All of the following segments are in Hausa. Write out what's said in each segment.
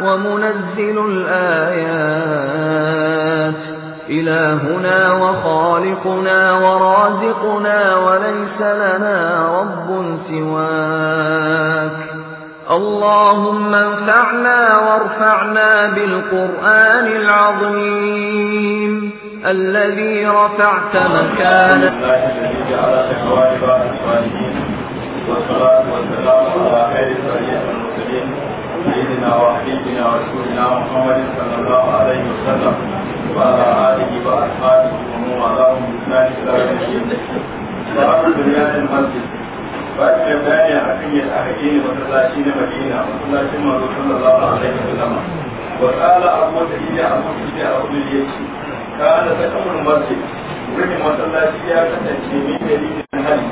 ومنزل الآيات إلهنا وخالقنا ورازقنا وليس لنا رب سواك اللهم انفعنا وارفعنا بالقرآن العظيم الذي رفعت مكانه والصلاة والسلام على خير سيدنا وحبيبنا ورسولنا محمد صلى الله عليه وسلم وعلى آله وأصحابه ومن والاهم بإحسان إلى يوم الدين. باب بنيان المسجد فأكثر بيان أهمية أهلين وثلاثين مدينة وثلاثين مرة صلى الله عليه وسلم وقال أبو سعيد أبو سعيد أبو اليشي كان سكن المسجد wurin masallaci ya kasance mai dalilin hali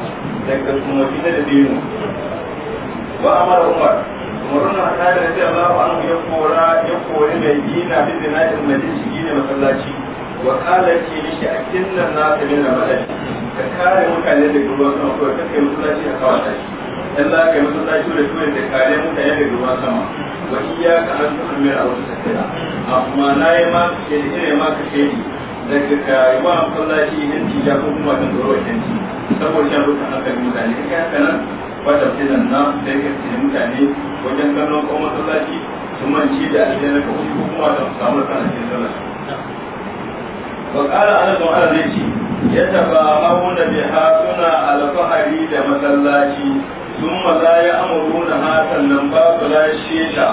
daga kuma gina da biyu wa amara umar na ta da ce ba an ya kora ya kori mai gina bi zina in maji shi gina masallaci wa kala ce ni shi a kinnan na ta nuna madadi ka kare mutane da ruwan sama ko ka kai masallaci a kawata shi dan za ka yi masallaci da tuwa da kare mutane da ruwan sama wa iya ka an tuka mai a wasu sakira amma na yi ma ka shaidi ne ma ka shaidi daga ka yi wa masallaci idan ci ya kuma kan tsoro idan ci saboda shan rukun hankali mutane kai haka nan fata kenan na sai ka ce mutane wajen gano ko masallaci sun manci da aljanna ko kuma da samu kan aljanna wa qala ana don ana zai ce ya taba mahuna bi hatuna alfahari da masallaci sun maza ya amuruna hatan nan ba su lashe ta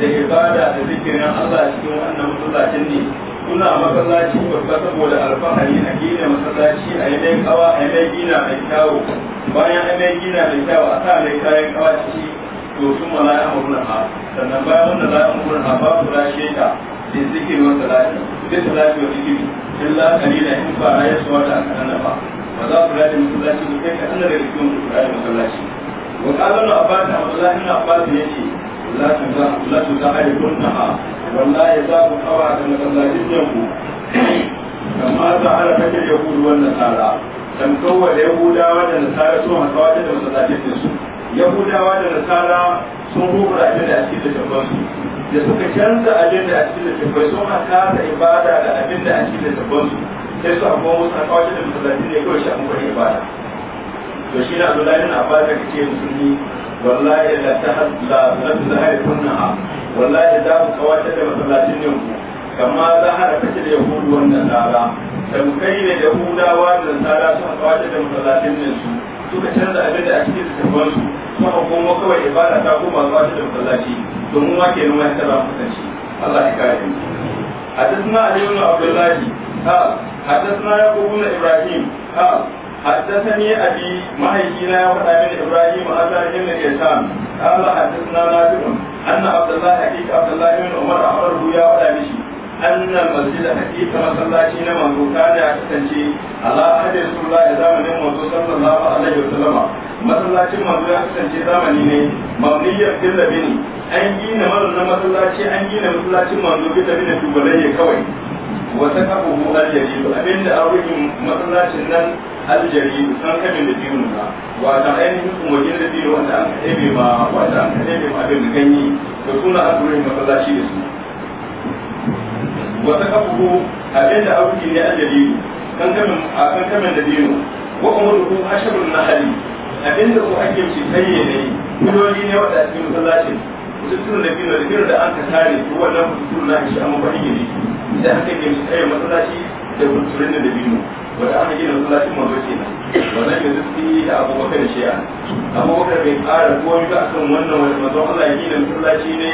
da ibada da zikirin Allah cikin wannan masallacin ne kuna masallaci babba saboda alfahari a gina masallaci a yi mai kawa a yi mai gina yi kyawu bayan an yi gina da kyau a sa mai kayan kawaci to sun ma la'a murnar ha sannan bayan wanda la'a murnar ha ba su lashe ta da zikir wa salati da salati wa zikiri illa kalila in ba a yi suwa da aka nan ba ba za ku rage masallaci ba sai ka sanar da rikin ku rage masallaci wa kalan abbas abdullahi ibn abbas yace la tu za la tu za ai kunna ha wallahi za ku kawa da masallacin yanku kamar da ala kake yahudu wannan tsara tamkowa da yahudawa da nasara sun hasawa da masallatin su yahudawa da nasara sun rubuta abin da a cikin littafansu da suka canza abin da a cikin littafai sun hasara ibada da abin da a cikin littafansu sai su abuwa musu hasawa da masallatin da kawai shi a mukwai ibada to shi na abdullahi na abada ka ce musulmi wallahi da ta la ta zahari kunna wallahi da za ku kawatar da masallatin ne ku kama zahara take da yahudu wannan tsara da kai ne da hudawa da tsara suka kwace da masallatin nan su suka canza abin da a cikin littafan su suka kuma kawai ibada ta koma zuwa da masallaci domin ma kenan wani tsara mutunci Allah ya kare mu حدثنا علي بن عبد الله قال حدثنا يعقوب بن ابراهيم قال حدثني أبي مهينا وأمين إبراهيم أزار بن اليسام قال حدثنا نافع أن عبد الله حقيق عبد الله بن عمر أمره يا ولا مشي annal masjid hakika masallaci na manzo kana ya kasance ala ahadi rasulullah da zamanin manzo sallallahu alaihi wasallama masallacin manzo ya kasance zamani ne mamniyar billabini an gina na masallaci an gina masallacin manzo billabini tubalai kawai wata kafuhu aljaridu abinda a wurin masallacin nan aljaridu san kamin da biyu nuna wata ainihin kuma kumajin da biyu wanda an kaɗe ma wanda an kaɗe ma abin da ganyi da suna an masallaci da su wata kafuhu abin da abu ne an dalilu kan kamin a kan kamin dalilu wa na hali nahali abin da ku ake ce sai ne kuloli ne wanda ake musallacin mutum da dino da dino da an ka tare ko wannan mutum na shi amma ba ne da aka ke ci sai masallaci da mutum da biyu wanda aka gina ba ce kenan wannan yanzu sai da abubakar shi'a abubakar bai ko komai ka akan wannan wanda manzo Allah ya gina masallaci ne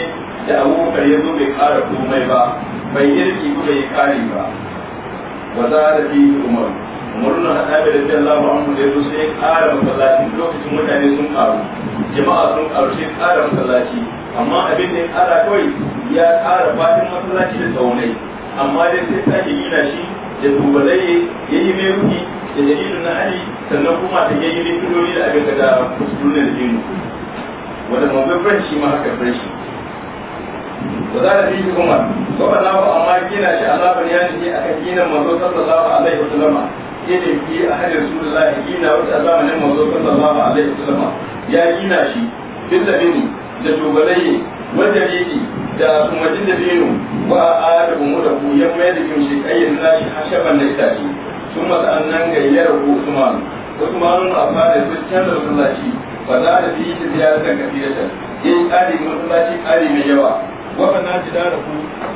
da abubakar ya zo bai kara komai ba bai yarki ba bai kari ba wa za da fi umar umar na hada da rabbi Allah ba mu da yanzu sai kara masallaci lokacin mutane sun karu jama'a sun karu sai kara masallaci amma abin da ya kara kawai ya kara fatin masallaci da tsaunai amma dai sai sake gina shi da tubalaye ya yi mai ruhi da dalilin na ali sannan kuma ta yayi rikirori da abin da da kusurin da jinu wanda mabaifin shi ma haka fashi وذلك فيه عمر وبلغ أما كينا لألا بنيانه أكينا منذ صلى الله عليه وسلم يجب في أهل رسول الله كينا وتألا gina منذ صلى الله عليه وسلم يا كينا شي باللبن لتوبلي والجريد da kuma jin da binu wa a da umu da ku yan mai da kimshi kayyar nashi hashaban da itace sun matsa'annan gayyar ku Usman Usman a fara sun canza masallaci ba za da fi yi tafiya kan kafiyarsa yin ƙari masallaci ƙari mai yawa wabana jidarahu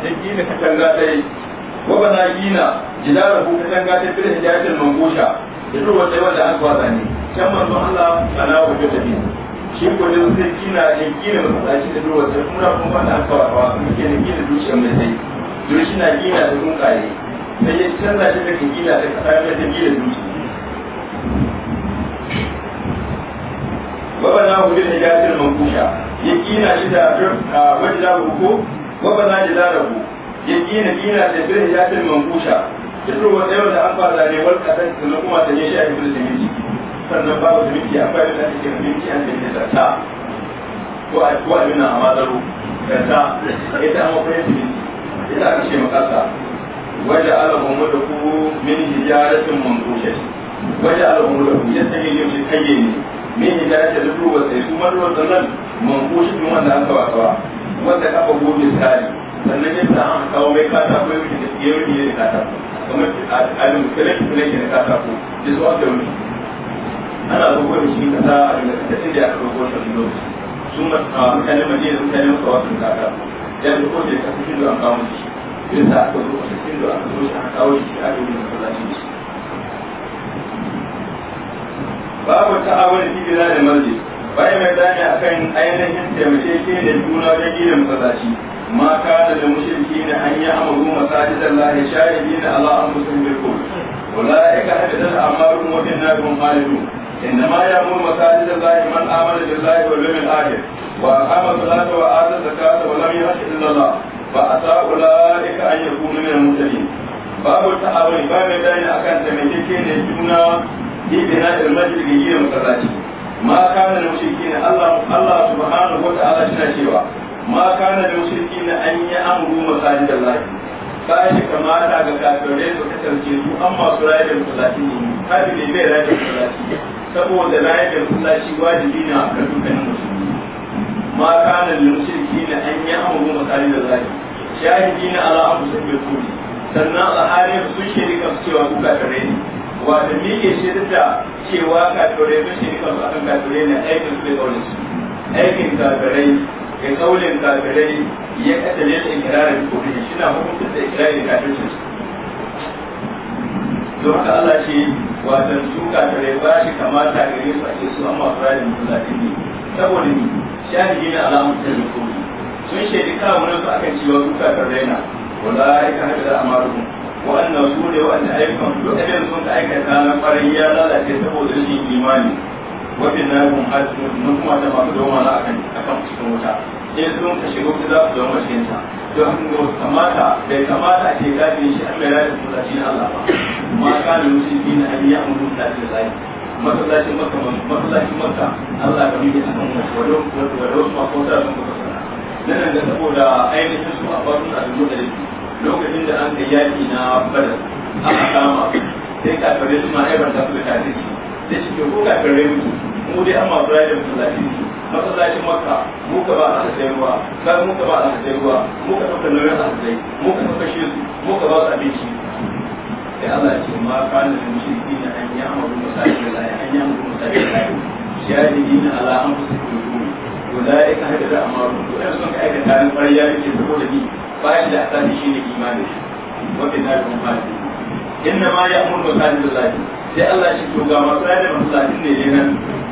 ya gina katanga ɗaya wabana gina jidarahu katanga ta fil hijajatul mangusha da duk wata wanda an kwaza zane can manzon Allah ana wajen da biyu shi ko da sai gina ya gina masallaci da duk wata kuma kuma an kwaza ne gina gina dukiyar mai sai don shi na gina da tsuntsaye sai ya canza shi daga gina da kasar da ta gina dukiya wabana wajen hijajatul mangusha yakina shi da wani da ko wa ba za ji da ku yakina kina da bin ya tin mangusha ya turo wata yau da an ba ne wal da sannan kuma ta ne shi a cikin siminti sannan babu siminti akwai da ake siminti an da ta ko a ko a nuna a madaro da ta ita an mafi siminti ita aka ce makasa waje alahun wadda ku min hijaratin mangusha waje alahun wadda ku ya sanya yau shi kayyane min hidayat al-rubu wa sai kuma ruwan nan mun kushi din wanda an kawa wanda ka bago bi sannan ya sa an kawo mai kata ko yake da yayi ne da kata kamar al-mukallim ne ne kata ko da zuwa da wuri ana zuwa da shi kata a da kata da aka rubo shi lokaci sun ma mutanen madina mutanen kawa sun kata ya da ko da kafin da an kawo shi yasa aka zo a cikin da aka zo shi aka kawo shi aka yi masallaci babu ta'awun fi bila da masjid bai mai a kan ainihin taimakeke da juna da gidan masallaci ma kana da mushriki da an yi amuru masajid Allah ya shahidi da Allah an musulmi ko ulaika hadathat amarun wa innahum khalidun إنما يأمر مساجد الله من آمن illallah. ba a وأقام الصلاة وآتى ka ولم يخش إلا الله mutane. أولئك أن يكونوا ba mai zane a kan الدين أكن da الجنة bi bina'il masjid ga gina masallaci ma kana da mushrikin Allah Allah subhanahu wa ta'ala yana cewa ma kana da ne an yi amru masajid Allah ba shi kamata ga kafirai su kasance su amma masu rayar da masallaci ne kafi ne bai rayar da masallaci saboda rayar da masallaci wajibi ne a kan dukkanin musulmi ma kana da ne. an yi amru masajid Allah shahidi na ala amru sabbil kuli sannan a halin su shirika cewa ku kafirai ne wa da miƙe shi duk da cewa kafirai mashi rikan akan kafirai na aikin su da kaunin su aikin kafirai ga kaulin kafirai ya katalin ikirarin kuri shi na hukuncin da ikirarin kafircin su don haka Allah ce watan su kafirai ba shi kamata gare su ake su amma furanin da ne saboda ni shahidi na alamun ta sun shaidi kawo nan su akan cewa su kafirai na wala ya ka haɗa da amaru wannan su ne wanda ayyukan duk abin sun ka aikata na kwarai ya lalace saboda rashin imani wafin na yin hajji mun kuma da masu doma na akan akan cikin wuta in sun ka shiga wuta za su zama cikin ta don haka ga wasu kamata bai kamata a ce kafin shi an bayar da mutaci na Allah ba ma kana musulmi na aliyya mun mutaci da zai masallacin makka masallacin makka Allah ka miƙe akan wasu wadda wasu makota sun kuka sana nan da saboda ainihin su a faruwa a dubu da lokacin da an kai yaki na badar a kama sai kafirai suna aibanta su ta kafirci da shi ko kafirai mu mu dai an masu rayar za ki makka mu ka ba a sai ruwa kan mu ka ba a sai ruwa mu ka ɗauka nauyin a sai mu ka ɗauka shi su mu ka ba su abinci sai Allah ya ce ma kana da mushriki na an ya'muru masajid la an ya'muru masajid la shahidina ala anfusihim ulaika hadda amaru to sun ka aikata ran ƙarya yake saboda ni bayan da asali shi ne imani shi wanda na da mafi inda ma ya ya'muru da Allah sai Allah shi to ga da masajid ne ne nan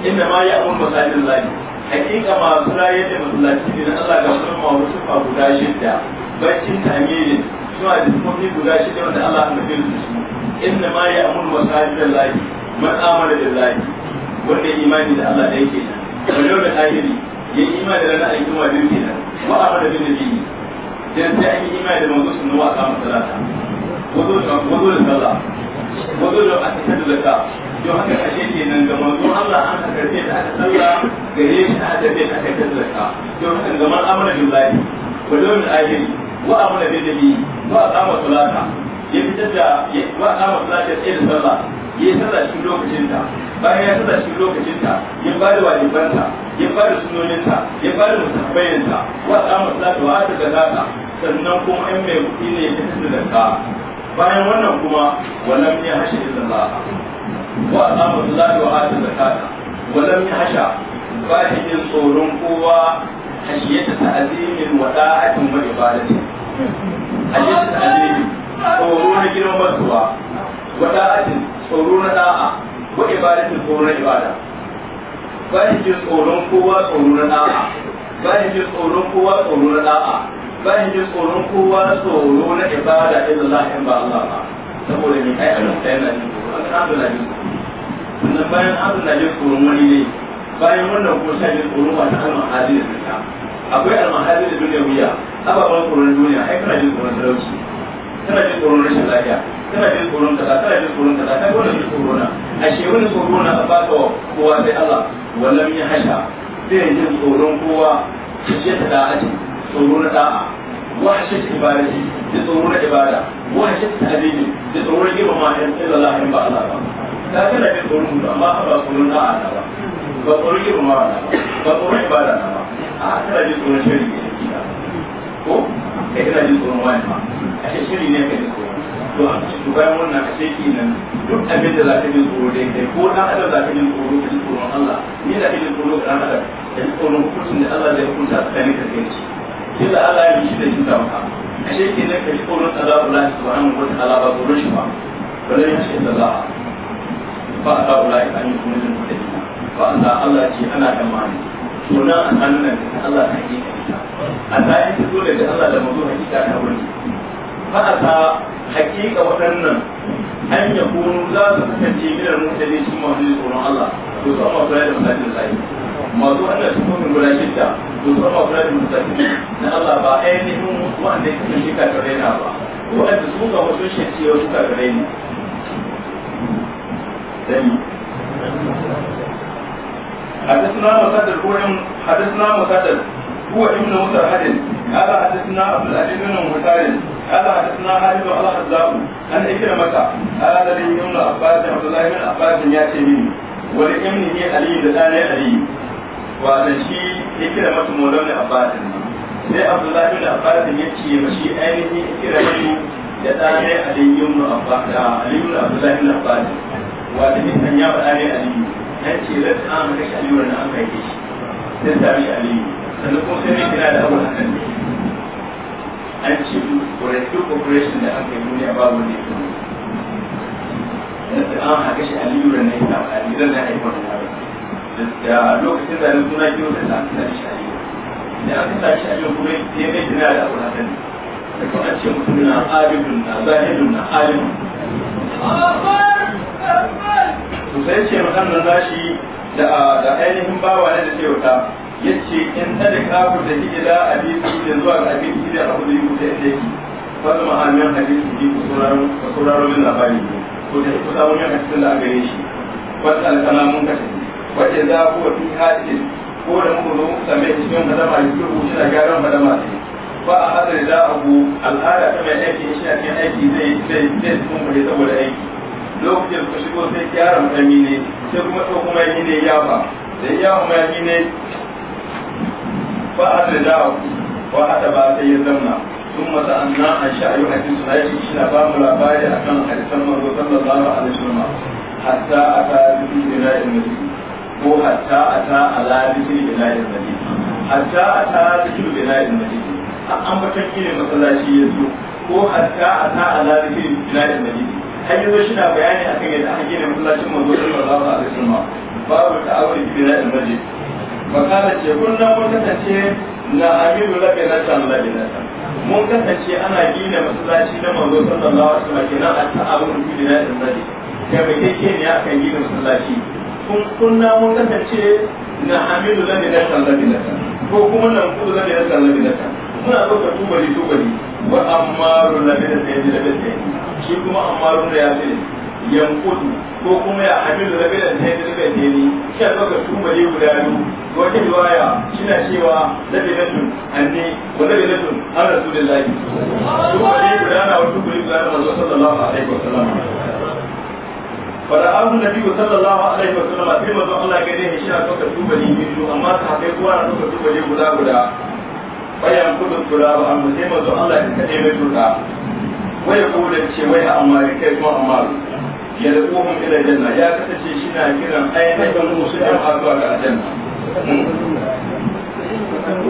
inda ma ya ya'muru da Allah hakika masu rayar da masallaci ne na Allah ga kuma wasu fa guda shida baccin tamirin suna da sumofi guda shida wanda Allah ya fi su inda ma ya da masajid Allah man da billahi wanda imani da Allah da yake nan wanda da tahiri yi imani da ranar alƙiyama din kenan wa amara da nabiyyi dan sai an yi imani da manzo sun wa ka masalata wazo da wazo da sallah wazo da asaka da zakka don haka ashe kenan ga manzo Allah an karbe da aka sallah gare shi aka karbe da aka zakka don haka ga al'amuran billahi wa yawmil akhir wa amana bil nabi wa aqama salata ya fitar da wa aqama salata sai da sallah ya yi sallah cikin lokacinta bayan ya sallah cikin lokacinta ya ba da wajibanta ya ba da sunoninta ya ba da musabbaininta wa tsamu salatu wa ta zakata sannan kuma in mai kuɗi ne ya tafi da ka bayan wannan kuma wannan ya hashe illallah wa tsamu salatu wa ta zakata wannan ya hasha ba shi jin tsoron kowa hashiyata ta'azimin wa da'atin wa ibadatin hashiyata ta'azimin tsoro na girman basuwa wa da'atin tsoro na da'a wa ibadatin tsoro na ibada bayan ji tsoron kowa tsoro na da'a bayan ji tsoron kowa tsoro na da'a bayan ji tsoron kowa tsoro na ibada Allah in ba Allah ba saboda ni kai Allah sai na jin tsoro alhamdulillah sannan bayan da jin tsoro wani ne bayan wannan ko sai jin tsoro ba ta almahadi da ta akwai almahadi da duniya wuya ababen tsoron duniya ai kana jin tsoron talauci kana jin tsoron rashin lafiya kana jin tsoron kaza kana jin tsoron kaza kai wannan jin tsoro na ashe wani tsoro na a baka kowa sai Allah wallan ya hasha sai jin tsoron kowa shi ta da'a tsoro na da'a wahshat ibadati da tsoro na ibada ta ta'dili da tsoro na girma ma in Allah in ba Allah ba ka kana jin tsoron mu amma ba tsoron da'a na ba ba tsoro girma ma na ba ba tsoron ibada na ba a kana jin tsoron shari'a ko kai kana jin tsoron wani ma ashe shirin ne ka kai tsoron to bayan wannan ashe nan duk abin da za ka jin tsoro dai ko na adam za ka jin tsoro ka jin tsoron Allah ni da ka jin tsoro ga dan adam ka jin tsoron hukuncin da Allah zai hukunta tsakanin ka kai shi da Allah ya shi da shi da maka ashe kenan ka ji tsoron Allah subhanahu wa ta'ala ba tsoron shi ba bare ya shi da Allah ba Allah ulai an yi kuma jin kudi ba Allah Allah ce ana da mani sunan da Allah ta hakika a bayan dole da Allah da mazo hakika ta wurin فأتى حقيقة وأن أن يكون لا تكتفي من المرسلين ثم يقولون الله يسمى فلان مساجد الله ما دون أن تكون ولا شدة يسمى فلان مساجد أن الله بأينهم وأن يكون شكا كرينا الله وأن تسوق وسوشي سيو شكا كرينا حدثنا مسدد هو حدثنا مسدد هو ابن مسرحد قال حدثنا عبد العزيز بن مسرحد قال حدثنا حارث قال حدثنا أن إكرمة قال لي ابن عباس عبد الله بن عباس يأتي مني ولابنه علي لدان علي وأنا شيء إكرمة مولى عباس sai abdullahi bin abbas ya ce mashi ainihin ikirari da ɗane aliyu ibn abbas aliyu ibn abdullahi bin abbas wa da nisan ya faɗa ne aliyu nan ce da an kashe aliyu na an kai shi sai sami aliyu sannan kuma sai ne kira da abu hakan an ce wurin duk operation da aka yi duniya ba wanda ya kuma yanzu an haka shi aliyu da na yi a aliyu na haifar da lokacin da na suna kiwo da lafi da shi aliyu da aka sa shi aliyu kuma ya mai jina da abu hakan da kuma an ce mutum na abidun na zahidun na alimun to sai ce mutum na zashi da ainihin bawa ne da ke wuta yace in da kafu da da hadisi da zuwa ga abin da abu da yake da fa da ma'anar hadisi ne ku sauraro ku sauraro min labari ko da ku da ya hadisi da aka yi shi wata alkalamun ka wa idza huwa fi hadisi ko da muka zo muka same shi cikin hadama da ko shi da gyaran hadama ne ba a hadar da abu al'ada ta mai aiki shi a cikin aiki zai zai zai kun kare saboda aiki lokacin ku shigo sai kyara kami ne sai kuma to kuma yi ne ya ba da ya kuma yi ne fa adada wa ba sai ya zamna ثم تأنا عن شعر a نائب إلى باب العبادة أكن حديث المرضى صلى الله عليه وسلم حتى أتى ذكر بناء المسجد وحتى أتى على ذكر بناء المسجد حتى أتى ذكر بناء a an matakin masallaci ya zo ko hatta a ta ala zikirin bilalin madini har yanzu shi na bayani akan yadda aka gina masallacin manzo sallallahu alaihi babu ta'awul bilalin madini makana ce kunna mun kasance na amiru labe na can labe na can mun kasance ana gina masallaci na manzo sallallahu alaihi wasallam kenan a ta'awun bi dinadin zali taimakeke ne akan gina masallaci kun kunna mun kasance na amiru labe na can labe na can ko kuma nan kudu labe na can labe na can muna so ka tubali tubali wa ammaru labe na sayyidi labe sayyidi shi kuma ammaru da ya sayyidi yankudu ko kuma ya abin da rabe da ta yi daga jeni shi a ɗaukar tumare guda biyu wata riwaya shina cewa rabe na tun hannu ko rabe na tun an rasu da lafi tumare guda na wata kuri guda na sallallahu alaihi wa sallam فرآه النبي صلى الله عليه وسلم في مزون الله كده هشام فكر توبلي بيجو أما صحابي قوانا فكر توبلي غدا غدا bayan kudin amma sai mazu Allah ya kaɗe mai tura wai kudin ce wai a amma kai kuma amma. ya rubuhun ila janna ya kasance shi na kiran ainihin musu har zuwa ga aljanna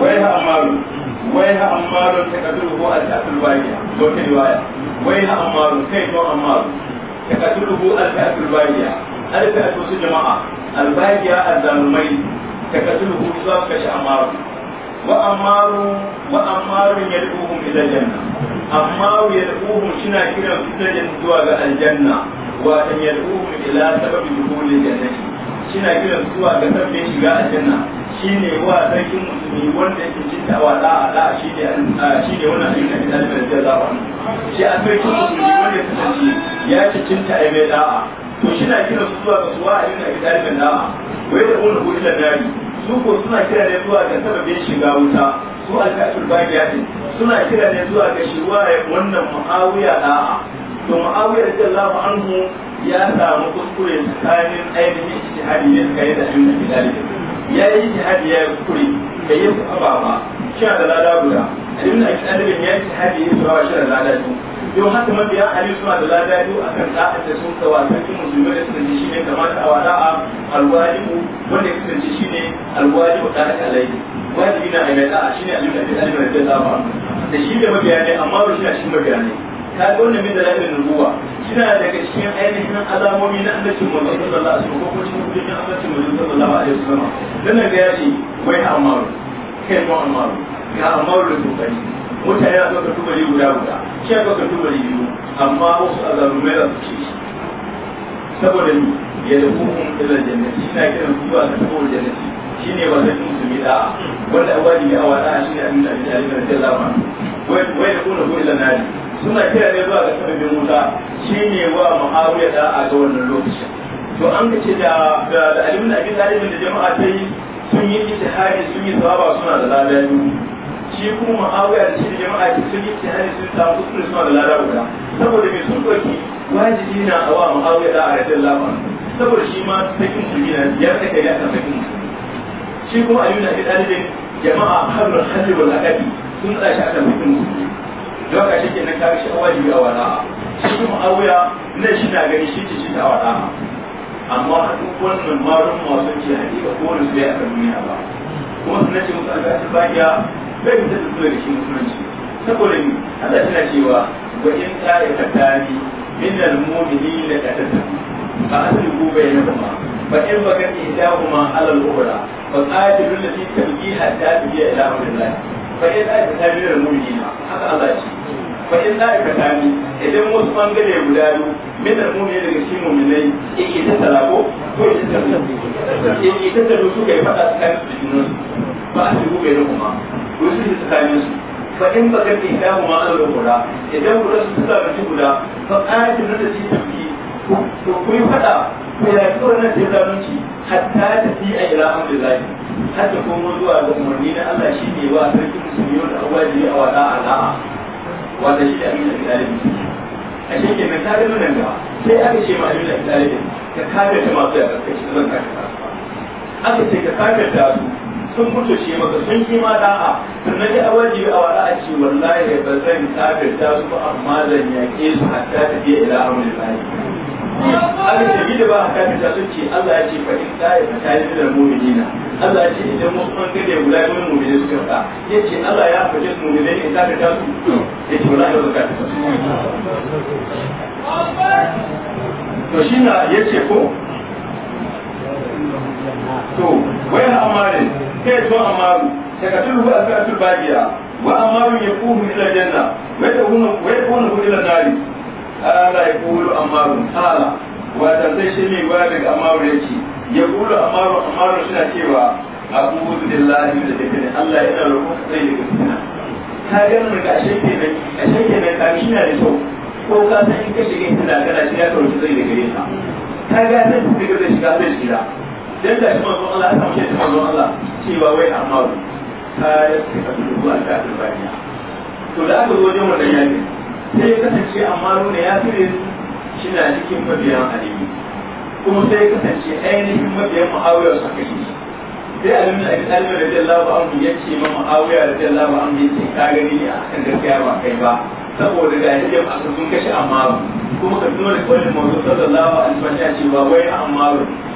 wai ha amaru wai ha amaru ta kaduru ko al-ta'atul waqi'a ko ta wai ha amaru kai to amaru ta kaduru al-ta'atul waqi'a al-ta'atu su jama'a al-waqi'a al-zalmai ta kaduru za ka kashe amaru wa amaru wa amaru yad'uhum ila janna amaru yad'uhum shi na kiran su zuwa ga aljanna watan yad'uhum ila sababi dukhulil jannati shina gina zuwa ga sabbin shiga aljanna shine wa sarkin musulmi wanda yake cinta wa da da shine shine wannan ayyukan da Allah ya zaba shi a sarkin musulmi wanda ya kasance ya ci cinta ai mai da'a to shina gina zuwa ga suwa a yana Allah da da'a wai da wani hudu da nari su ko suna kira ne zuwa ga sababin shiga wuta su alkafir bagiya suna kira ne zuwa ga shi wannan muawiya da'a to mu'awiyar radiyallahu anhu ya samu kuskure tsakanin ainihin ijtihadi ne suka yi da ibn bilal ya yi ijtihadi ya kuskure da yin su ababa shi da lada guda ibn al-qadim ya yi ijtihadi ya su ababa shi da lada biyu yau haka mabiya ali suna da lada biyu akan da'ar da sun ka wasanci musulmi da suka ji shine kamata a wada'a alwajibu wanda ya kasance shine alwajibu da aka alaihi wajibi na aimata shine ali ibn al-qadim radiyallahu anhu da shi da mabiya ne amma ba shi na cikin mabiya ne ka ga wannan min da lafiyar nubuwa yana daga cikin ainihin alamomi na annabcin manzon sallallahu alaihi wasallam ko cikin kudin annabcin manzon sallallahu alaihi wasallam dan nan ga ya ce wai ha amaru kai mu amaru ga amaru da kokari mutane a ɗaukar tubali guda guda shi a ɗaukar tubali biyu amma wasu azalumai za su ce shi saboda ni ya da hukum ila jannati shi na kiran zuwa ta saboda jannati shi ne ba sai musulmi da'a wanda wajibi a wada'a shi ne annabi da alaihi wasallam wai da kuna ko ila nari suna kira ne zuwa ga sababin wuta shine wa muawiya da a ga wannan lokacin to an ka ce da da alimin abin talibin da jama'a ta yi sun yi ijtihadi sun yi sababa suna da lada shi kuma muawiya da shi da jama'a ta sun yi ijtihadi sun yi ta kuskure suna da lada guda saboda me sun ɗauki wajibi na a wa muawiya da a rajin lafa saboda shi ma sakin musulmi na biyar da kai ya san sakin musulmi shi kuma alimin abin talibin jama'a har da hajji wal sun tsaya shi akan sakin musulmi don ka shike na kashi awali a wala shi kuma awuya na shi na gani shi ce shi ta wala amma a duk wannan marun masu ce hakika ko wani su a kan duniya ba kuma su ce musu alƙashin bakiya bai fita da zuwa da shi musulunci saboda ni Allah yana cewa wa in ta ya katani min al-mu'minin la katatabu fa aslihu bainahuma kuma بكت إحداهما على الأخرى فقاتلوا التي تبكي حتى تجي إلى أمر الله fa in la ta tabi da muni haka Allah ce fa in la ta tabi idan wasu bangare guda biyu min da muni daga cikin mu'minai yake ta talako ko yake ta tabi yake ta tabi su kai fada tsakanin su junan ba a shigo bai na kuma ko su ta tsakanin su fa in ba ka ta ilahu ma Allah guda idan guda su ta tabi guda fa ayatin da ta ci tabi to ku yi fada ku yaƙi wannan da zalunci hatta ta fi a ila amrillahi har ta komo zuwa ga umarni na Allah shi ne wa sarki musulmi wanda awaji a wada ala'a wanda shi da amin da ɗalibi a shi ke mai kare nan gaba sai aka ce ma amin da ɗalibi ka kare ta masu yaƙar ka ci zan kare ta aka ce ka kare ta su sun mutu ce maka sun yi ma da'a sannan ya awaji a wada a ce wallahi ba zan kare ta su ba amma zan yaƙe su hatta ta fi ila amrillahi abin da bi da ba a kafin sun ce Allah ya ce fa in ta yi fatali da mu'minina Allah ya ce idan wasu bangare guda biyu mu'mini suka fa ya ce Allah ya faɗi mu'minai in ta ka ta su ya ce wala yau zakata su to shi na ya ce ko to wayan amarin kai to amaru takatulu ba a katul bagiya wa amaru ya kuhu ila janna wa ya kuhu ila nari قال يقول عمار قال وتنتشني والد عمار يجي يقول عمار عمار شنا كيوا أعوذ من الذكر الله إنا لكم da الفتنة kagan mun ga shege ne a shege ne ka shi na da kyau ko ka san in ka shiga tana kana shi ya kawo zai da gare ka ga sai ku diga zai shiga zai shiga dan da shi manzo Allah ya samu shi manzo Allah cewa wai amaru ka ya ka duba ta to da aka zo wajen wannan yaki sai ya kasance amma nuna ya fire shi na cikin mabiyan alimi kuma sai ya kasance ainihin mabiyan ma'awiyar su aka shi sai a nuna abin alimin da jalla ba an ya ce ma ma'awiyar da jalla ba an ya ce ka gani ne a kan gaskiya ba kai ba saboda ga yadda a sun kashe amma kuma ka nuna da kwanin mazu sallallahu alaihi wa sallam cewa wai amma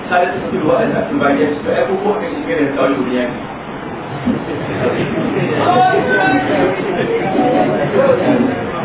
ta da tafi ruwa da tafi ba ya ce to ai ko ko ka shige da tsawon duniya ne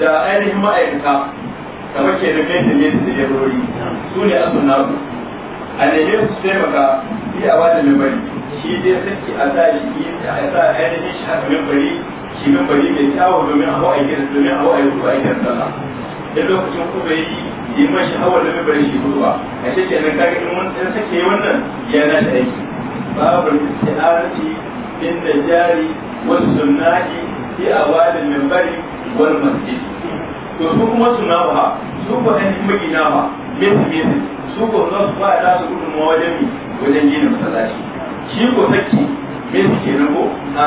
da ainihin ma'aikata kamar ke da kai da ne da ya yarori su ne na naku a neme su taimaka shi a bada mimbari shi dai saki a sa shi a sa ainihin shi haka mimbari shi mimbari mai kyawu domin a ba'a gidan domin a ba'a yuku a gidan sallah da lokacin kuma yi yi man shi hawa da mimbari shi kuduwa a shi kenan kaga in wani ɗan sake wannan yana da aiki babu isti'arati bin da jari wasu sunnahi fi a bada mimbari wal masjid to su kuma su na su ko dan miki na ba min min su ko za su ba da su gudu ma wajen mi wajen gina masallaci shi ko sakki min nan ko a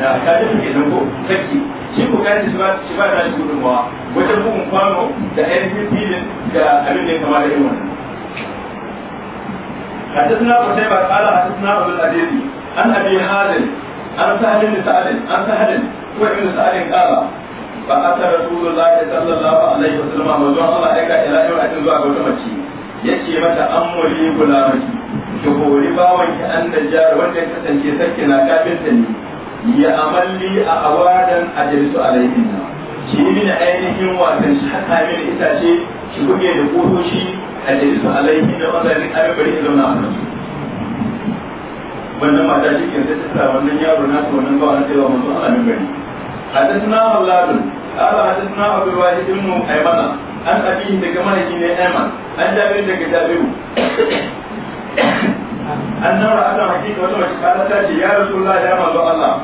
da kaje nan ko sakki shi ko kaje su ba shi ba da su gudu ma wajen bugun kwano da ainihin filin da abin da ya kamata irin wannan حدثنا قتيبة قال حدثنا أبو العزيز عن أبي حازم عن سهل بن سعد عن سهل وابن سعد قال ba a ta rasulullahi sallallahu alaihi wasallam manzon Allah ya ka ila yau a zuwa ga wata mace ce mata an muli gulamaki ki hori bawan ki an da jar wanda ya kasance sarki na kafinta ne ya amalli a awadan ajalisu alaihin na ki yi mini ainihin wasan shi haka mini itace ki buge da kusoshi ajalisu alaihin da wannan abin bari ya na a kansu wannan mata shi ke sai ta wannan yaro na ta wannan ba wani cewa mun zo alamin bari حدثنا مولاد قال حدثنا ابو الواحد بن ايمن عن ابيه دك مالكي ne ايمن عن جابر دك جابر ان أن امرأة حقيقة وتمشي قالت يا رسول الله يا رسول الله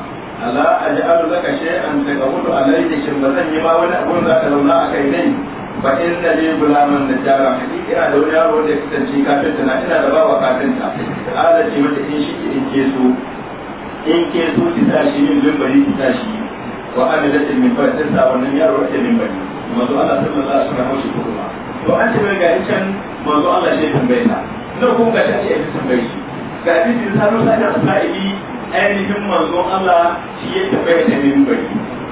الا اجعل لك شيئا تقول عليك شبة يما ولا أقول ذاك لو لا أكيدين فإن لي غلاما نجارا حقيقة أنا دون يارو da kasance kafinta ina da bawa kafinta ala ce mata in shi in ke so in تتاشي so ki tashi wa adadatin min bai sai sa wannan yaro yake min bai manzo Allah sallallahu alaihi wasallam shi kuma to an ce ga ican manzo Allah shi tambaye na ina kuma ga shi ya tambaye shi ga hadisi da sanu sa da sa'idi ainihin manzo Allah shi ya bai ta min bai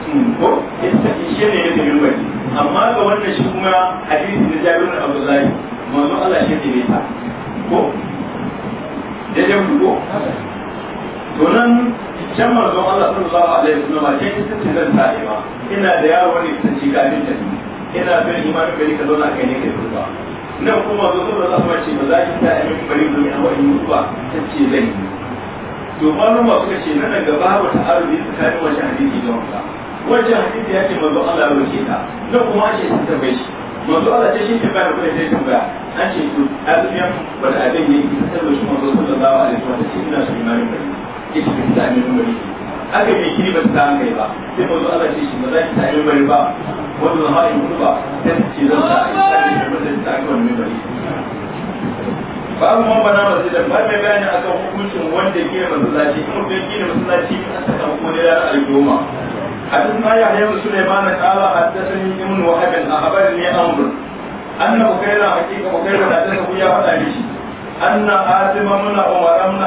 hmm, ko ita shi ne ya min bai amma ga wannan shi kuma hadisi da Jabir bin Abdullah manzo Allah shi ne ta ko da jamu ko donan can manzon Allah sallallahu alaihi wasallam ke cikin zan ba. ina da yaro ne ta ci kafin ta ina bin imamin gari ka zauna kai ne ke zuwa nan kuma zo zo da Allah ce ba za ki ta imamin gari zo ne hawa in mutuwa ta ce zai to malama suka ce nan daga babu ta'arudi tsakanin wajen hadisi da wanka. wajen hadisi ya ce manzon Allah ya roke ta nan kuma ce ta tambaye shi manzo Allah ce shi ke bayar kuma sai tambaya an ce to azmiyan wanda abin ne ta tabbashi manzo sallallahu alaihi wasallam ina shi imamin gari ke shi bisa aka yi shi ba ta hankali ba sai ba zo ce shi ba za ki sami bari ba wanda zama in kudu ba sai ce zan ta yi sami da ta aka wani bari babu man bana masu da ba mai bayani akan hukuncin wanda ke masallaci in mutum ke masallaci a saka hukumar da al'umma حدثنا يحيى بن سليمان قال حدثني ابن وهب اخبرني امر ان بكير حقيقه بكير حدثه يا فتى ان حاتم من عمر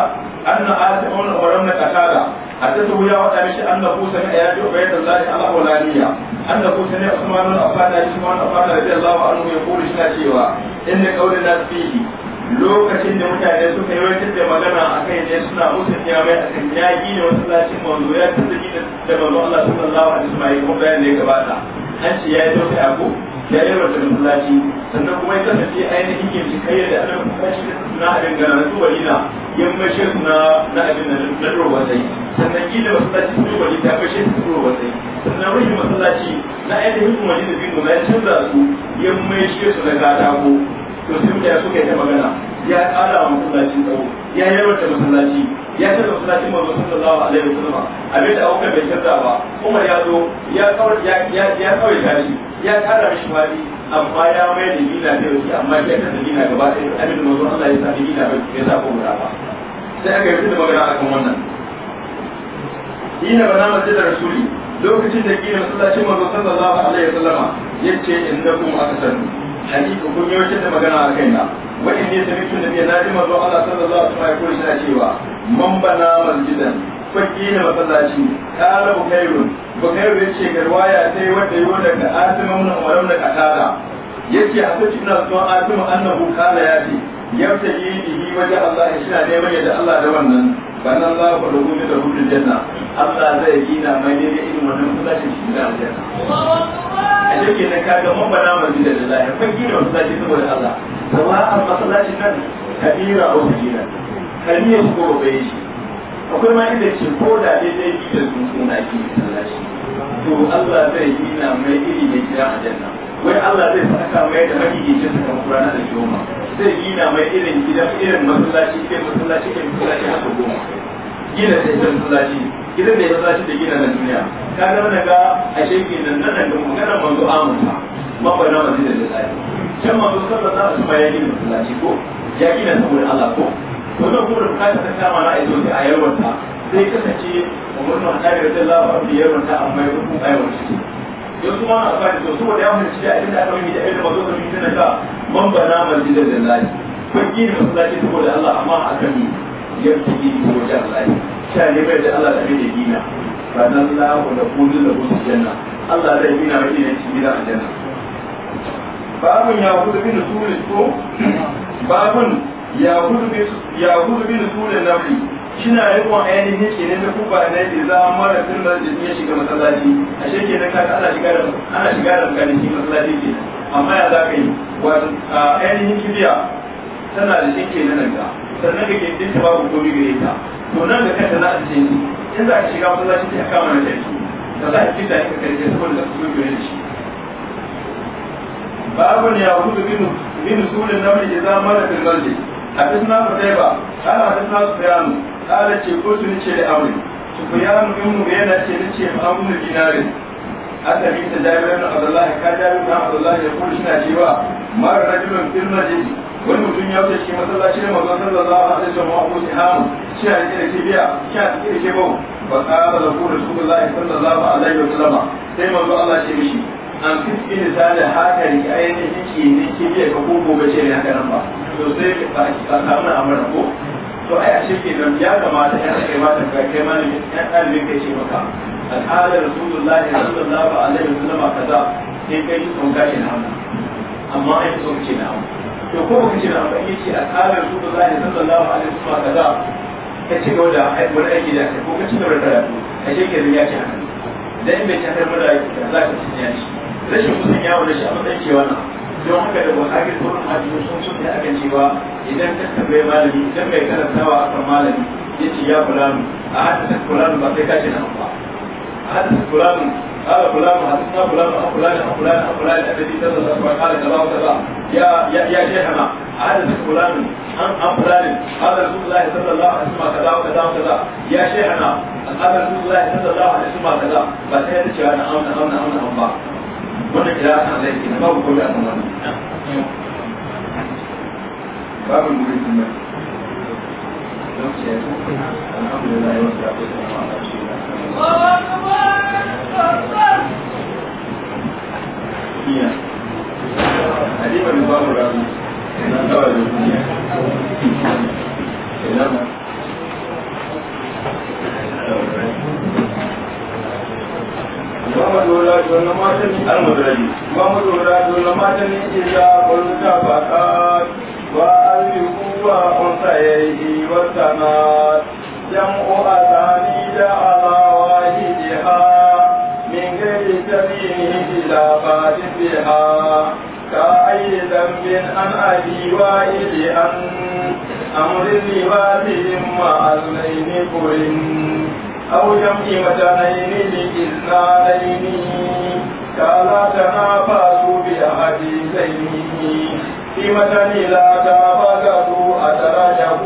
أن آدم بن عمر a قتادة حدثه يا وقت أن أنه سمع يا عبيد الله على أولانية أن عثمان بن عفان عثمان بن رضي الله عنه يقول إشنا شيوا إن قول الناس فيه lokacin da mutane suka yi wata da magana a kai ne suna musun ya mai akan yaƙi ne masallacin manzo ya tattaki da manzo Allah sallallahu alaihi wasallam ko bayan ne gabata an ce ya yi dauka ko. ya yi wata masallaci sannan kuma ya kasance ainihin yin da a dangana na yan yammacin na na abin da na durwa wasai sannan yi kila masallaci sun waje ta bashe su durwa zai sannan rufe masallaci na ainihin waje da bin na canza su yan yammacin su na katako to sai mutane suka yi ta magana ya ƙara wa masallaci tsawo ya yalwata masallaci ya wasu da zawa sallallahu alaihi wasallam abin da abubakar bai canza ba umar ya zo ya kawai ya ya kara mishi fadi amma ya mai da gina da yauki amma ya canza gina gaba ɗaya abin da manzo Allah ya sa da gina bai sa ko guda ba sai aka yi da magana a kan wannan ina bana masu da rasuli lokacin da gina masallacin manzo sallallahu alaihi wasallam yace innakum akasar hakika kun yi wacce magana akan na wa inni sami'tu nabiyya na ji manzo Allah sallallahu alaihi wasallam ya koyi shi cewa man bana masjidan fakki na masallaci kala bukairun ya ce garwaya sai wanda yi wanda ka atima mun umaram da katara ya ce a hasaci ina so atima annahu kala ya yace yabtaji bihi waje Allah shi na neman yadda Allah da wannan bana Allah ku rubu da rubu janna Allah zai gina mai ne irin wannan masallaci shi da aljanna a cikin ka ga mun bana masjidan lillahi fakki na masallaci saboda Allah Zama sawa'an masallacin nan kabira a wujina kariya su ko bai shi akwai ma inda ce ko da dai dai da sun suna ki masallaci to Allah zai yi na mai iri mai gida a janna wai Allah zai saka mai da mahiji ce saka kurana da joma zai yi na mai irin gida irin masallaci ke masallaci ke masallaci haka goma gina sai da masallaci gidan da ya masallaci da gina na duniya ka ga ga a shekin nan nan da magana manzo amurka mabarin masjidin da tsari masu za su bayani masallaci ko ya gina saboda Allah ko wannan kuma da bukata ta kama na a yi a ayarwanta sai kasance umar na hadari da Allah ba da yarwanta amma ya hukun ayarwanta ciki yau kuma na alfahari to saboda ya fahimci da inda aka ba da irin mazo da mutuna ka man bana masjidar da Allah ban gina masallaci saboda Allah amma a akan yarki gini ko jar Allah sha ne bai da Allah da bai gina ba nan lafa da da kudin janna Allah zai gina miki ne cikin a aljanna babun ya gudu bin suri ko babun ya gudu bin ya gudu bin suri nafi shina rikon ainihin kenan da kuba ne da za mara tun da ya shiga masallaci a shirke nan ka ana shiga da ana shiga da mutane cikin masallaci ke amma ya za ka yi wato ainihin kibiya tana da shi kenan nan ga sannan ka ke dinta babu gobe gare ta to nan da kanta na a in za ka shiga masallaci ka kama na tafi da za ka fita ka karfe saboda su kuma gare da shi باب يعود بنسول النمل إذا مر في المسجد حدثنا قتيبة قال حدثنا سفيان قال شي قلت نشي لأمري سفيان بن مغيرة شي نشي da دينار حتى بيت جابر بن عبد الله كان جابر بن عبد الله يقول شنا شيوا مر رجل في المسجد wani mutum ya wuce shi masallaci da mazan sallallahu alaihi wasallam wa kusi hamu shi a cikin ke biya shi a cikin ke bau fa qala lahu rasulullahi sallallahu alaihi wasallam sai manzo Allah ce mishi an fi fiski misalin haka ne ainihin shi ne ke biya ka koko ba ce ne haka nan ba to sai ka samu na amara ko to ai a shirke nan ya kamata ya kai mata ka kai mana ɗan ɗalibin kai ce maka al'ada rasulullahi sallallahu alaihi wasallam kaza sai kai sun gashi na hannu amma ai sun ce na hannu to ko baka ce na hannu ba yace al'ada rasulullahi sallallahu alaihi wasallam kaza ka ci gaba da wani aiki da kai ko ka ci gaba da karatu a shirke nan ya ce hannu dan in bai ci hannu za ka ci ya ci rashin mutum ya wani shi a matsayin cewa na don haka da wasakir kurin hajji sun sun da akan cewa idan ka tambaye malami idan mai karantawa akan malami ya ce ya fulani a hadisa fulani ba sai ka ce nan ba a hadisa fulani قال فلان حدثنا فلان عن فلان عن فلان عن فلان الذي كذا قال كذا a يا يا يا شيخنا حدثك فلان عن عن فلان قال رسول الله صلى الله عليه وسلم كذا وكذا hana يا شيخنا قال رسول الله صلى الله عليه وسلم كذا بس na تشي na امن امن an ba. wanda kira a laifi na babu kodi a kan wannan babu gudun sun mai lokaci ya yi alhamdulillah ya wasu abu da kuma a shi Yeah. I didn't even bother around. And I thought I was in here. محمد ولا دون ماتني المدرج محمد ولا دون ماتني إلا قلت فقط وألف وأنثيه والسماء جمع أسانيد على واحدها من غير سبيله إلى بها كأي ذنب أن أبي وائل أن أمر لوالد وعليه قرن أو جمعي جمع متنين لإذنانين كلا تنافسوا بأحديثين في متن لا تبغضوا أدرجه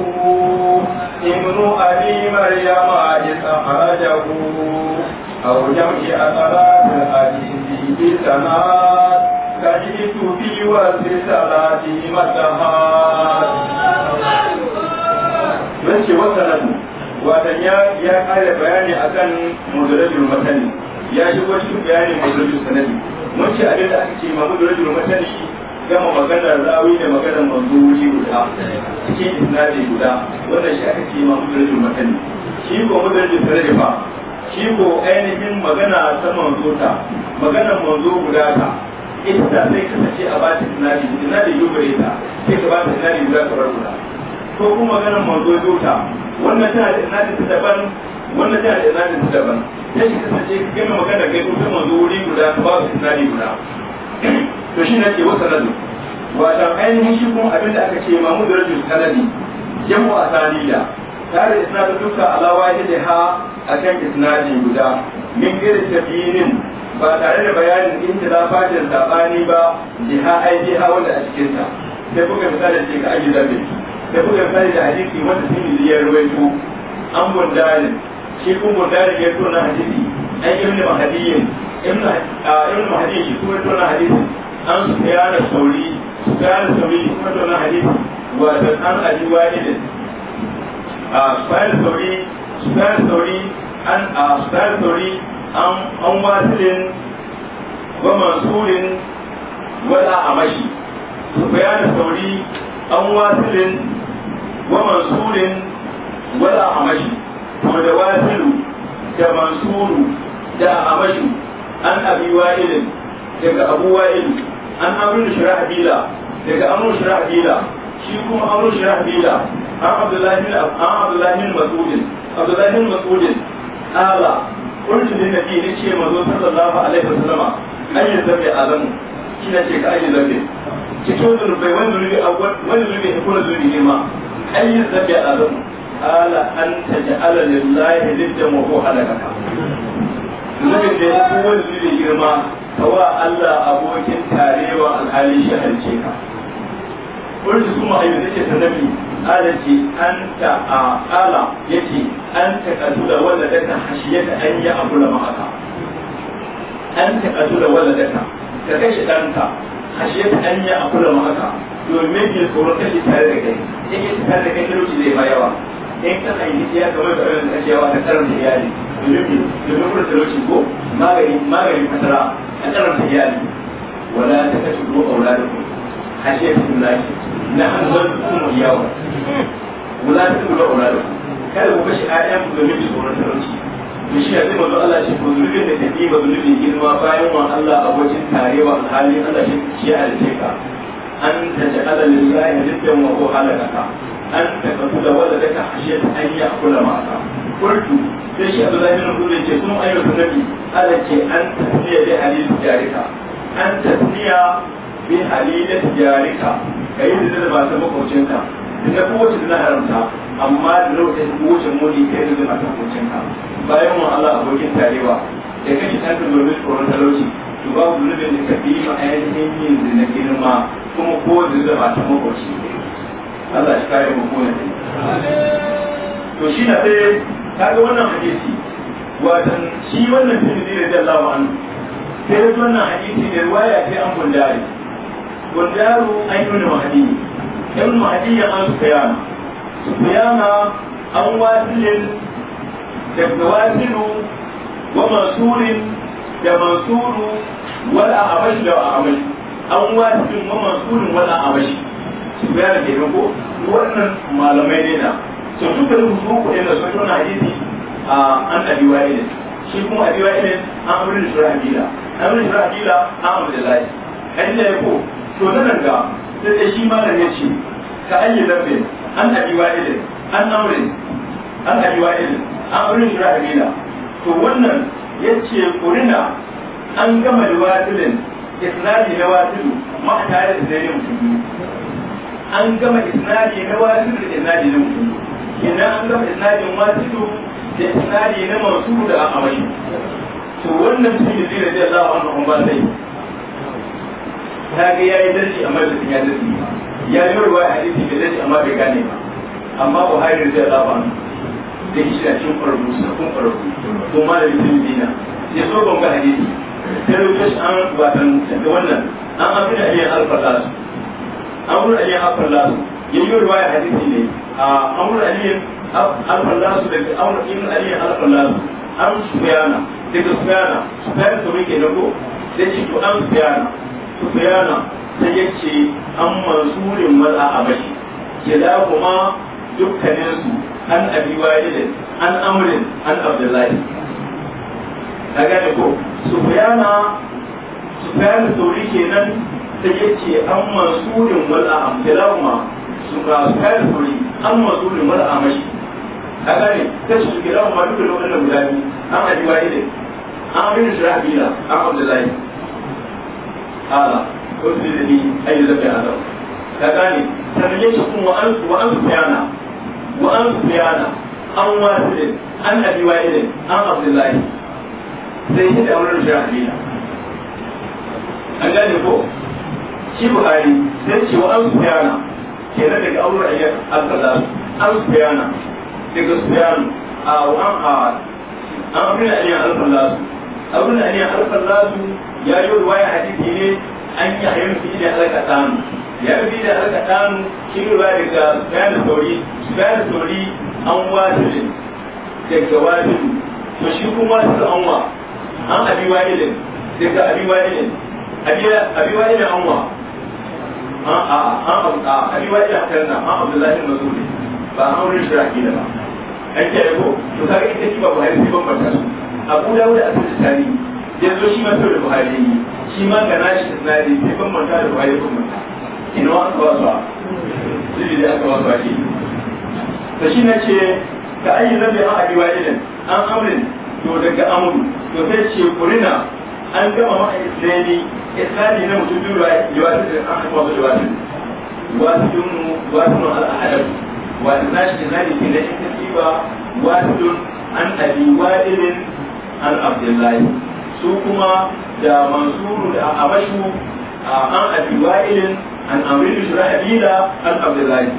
ابن أبي مريم عجز أخرجه أو جمعي أطراف الحديث بسناد تجد في وزن صلاة متهاد. من شيء وسند watan ya ya kare bayani akan mudarrajul matani ya shigo wasu bayanin mudarrajul sanadi mun ce abin da aka ce ma mudarrajul matani gama maganar rawi da maganar manzo wuri guda cikin isnadi guda wannan shi aka ce ma mudarrajul matani shi ko mudarrajul sanadi fa shi ko ainihin magana ta manzo ta magana manzo guda ta ita zai kasance a ba sinadi sinadi yubare ta sai ka ba sinadi guda kamar guda ko kuma maganar mazo dota wannan tana da inadi ta daban wannan tana da inadi ta daban sai shi kasance ka gama magana kai kuma mazo wuri guda ba su inadi guda to shi nake wasa nadu wata ainihin shi kuma abin da aka ce mamu da rajul yamu a asalila tare da sinadar dukkan alawa ya da ha a kan isnadi guda min gari tabinin ba tare da bayanin inda za fatin sabani ba jiha ha aiki ha wanda a ta. sai kuka misali ce ka aji zabe da buga sai da hadisi wanda shi ya ruwaito an bundari shi kun bundari ya tona hadisi an ibn mahdiyin ibn ibn mahdiyin shi kuma tona hadisi an sufyan sauri sufyan sauri kuma tona hadisi wa da an aji wajibi a sufyan sauri sufyan sauri an a sufyan sauri an an wasilin wa mansurin wala amashi sufyan sauri an wasilin wa mansurin wala a mashi. to da wasilu da mansuru da a mashi an abi wa'ilin daga abu wa'il an amru shirah bila daga amru shirah bila shi kuma amru shirah bila an abdullahi an abdullahi mas'udin abdullahi mas'udin qala qultu lin nabi nace manzo sallallahu alaihi wasallam ayyu zambi alamu kina ce ka ayyu zambi cikin zurbai wani zurbi a wani zurbi ya kuna zurbi ne ma ayyin zabi a zan ala an ta ja'ala lillahi lidda mako halakaka zubin da ya fi wani zurbi girma ta wa Allah abokin tarewa alhali shi halce ka wurin su ma ayyuka ce ta nabi ala ce an ta a ala ya ce an ta katula wanda daga hashiyata an yi abu da ma'aka an ta katula wanda daga ka kashe ɗanka ashe ka dan ya akula ma haka domin ke tsoron kashi tare da kai in yi tare da kai talauci zai ma yawa in ka kan yi ya kamar da irin da cewa ka tsaron da iyali domin domin kuma talauci ko magani magani fatara ka tsaron da iyali wala ta kashi ko auladakum ashe ta kula shi na hanzon kuma yawa wala ta kula auladakum kada ku bashi ayyan domin tsoron talauci shi sai manzo Allah shi ko zunubin da kake ba zunubin girma bayan wa Allah abokin tarewa halin Allah shi ya halice ka an ta ja'ala lillahi jiddan wa ko ta. an ta kula wala daka hashiyat an ya'kula ma'aka qultu sai shi Abdullahi bin Umar ce kun ayyuka nabi Allah ce an tasniya bi halil jarika an tasniya bi halil jarika kai da ba ta makocinka da kowace da haramta amma da lokacin kowace muni kai da ba ta makocinka bayan wa Allah abokin tarewa da kashi ɗan da domin tsoron talauci to babu zunubin da ka fi ma ainihin yin zina girma kuma ko da ba ta makwabci Allah shi kare mu ne to shi na sai ga wannan hadisi watan shi wannan tirmidhi da Allahu anhu sai da wannan hadisi da riwaya sai an gundari gundaru an yi wani mahadi ibn mahadi ya an su sufiyana an wasilin da nawasilu wa mansurin da mansuru wal ahabashi da ahabashi an wasilin wa mansurin wal ahabashi su gane ke ko wannan malamai ne na to suka rubutu ku ne da sun tona hadisi a an abi wa'ilin shi kuma abi wa'ilin an amrin shurahila amrin shurahila an amrin lahi an ne ko to nan ga sai shi malam ya ce ka ayi zambin an abi wa'ilin an amrin an abi wa'il an wurin shirahila to wannan yace kurina an gama da wasilin isnadi na wasilu ma tare da zai mutum an gama isnadi na wasilu da isnadi na mutum ina an gama isnadin wasilu da isnadi na masu da amai to wannan shi ne zai da Allah wannan ba sai ta ga yi dalili amma da ya dalili ya yi ruwa hadisi da dalili amma bai gane ba amma Buhari zai Allah wannan da shi da cin kwarbu sakon kwarbu ko ma da bitin dina ya so ban ga hadisi da lokacin an watan da wannan an abin da iya alfata su an wurin iya alfata su yayi riwaya hadisi ne a amur aliyin alfata su daga amur ibn aliyin alfata su an suyana daga suyana suyana to muke nago sai ci to an suyana suyana sai ya ce an mansurin maza a bashi kuma dukkaninsu an abi wa'ilin an amrin an abdullahi ta gane ko sufyana tori ke kenan ta yace an masurin wala a filawuma su su sufyana tori an masurin wal amashi ka gane ta su duk da lokacin da guda biyu an abi wa'ilin an rafi na an abdullahi ala ko su da ni ayyuka ta gane sannan yace kuma an wa an ne an أن واسل ne أبي وائل sai عبد الله wani أمر المشاهدين an gane ko shi buhari sai ce wa an ke na daga aure ayyar al an daga suyana a wa'an a an abin da aniyar al abin da aniyar al ya yi waya hadisi ne an yi ya bi da aka ɗanu shi ba daga bayan sauri bayan sauri an wasilin daga wasilin to shi kuma su anwa an abi wa'ilin daga abi wa'ilin abi wa'ilin anwa an abi wa'ilin a na an abdullahi mazuri ba an wurin shiraki da ba an kyaye ko to kaga ita ce ba buhari sai bambanta su abu da dawud a cikin tsari. yanzu shi ma sau da buhari shi ma ga nashi tsanani sai bambanta da buhari bambanta ina wa aka wasu zubi da aka wasu ake da shi na ce ka ayi zabi a abi wa irin an amrin to daga amru to sai ce kurina an gama maka islami islami na mutum biyu liwatin da an haka wasu liwatin wasin wasin al'adam wasin nashi islami ke na yin kasiba wasin an abi wa irin an abdullahi su kuma da mansuru da a mashu an abi wa irin an amrin isra'ila an abdullahi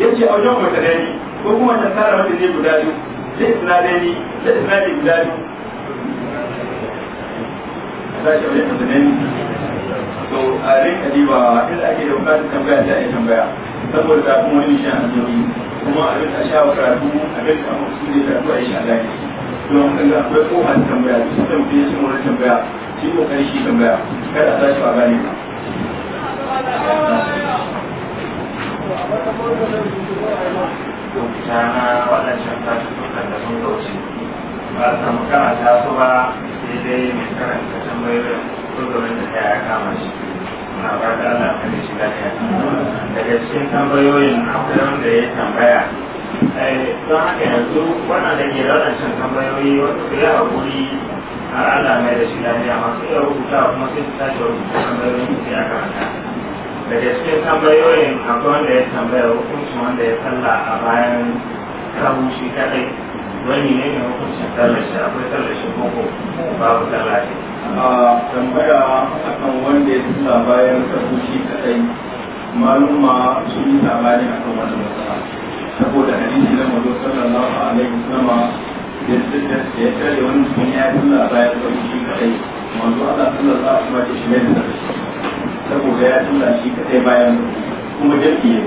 yace a wajen mata dai ko kuma ta tsara mata ne guda biyu da isnadani tsara ne guda biyu sashi wajen mata dai to a rinka diba inda ake da bukatar tambaya da ake tambaya saboda ta kuma wani a hanyoyi kuma a rinka sha wa karatu a ka amma su ne da a yi sha lafi don kan ga akwai kowa tambaya da su tambaya su wani tambaya shi kokari shi tambaya kada a sashi ba gane ba rubuta na waɗancan tashukan da sun dauce ba a samu karanta su ba sai dai mai karanta tambayoyin rugarin da ta ya kama shi na ba da Allah ka ne shiga ta daga cikin tambayoyin akwai wanda ya tambaya don haka yanzu waɗanda ke waɗancan tambayoyi wata su yi haƙuri har Allah mai da shi lafiya masu iya rubuta kuma sai su tashi rubuta tambayoyin sai a karanta daga cikin tambayoyin akwai wanda ya tambaya hukuncin wanda ya salla a bayan kawo shi kadai wani ne ne hukuncin tallashi akwai tallashi koko babu tallashi a tambaya akan wanda ya salla bayan kawo shi kadai maluma sun yi labarin akan wannan matsala saboda hadisi na mazo sallallahu alaihi wasallama ya ya tare wani sun ya salla bayan kawo shi kadai manzo Allah sallallahu alaihi wasallam ya shi saboda ya tura shi sai bayan kuma jam'i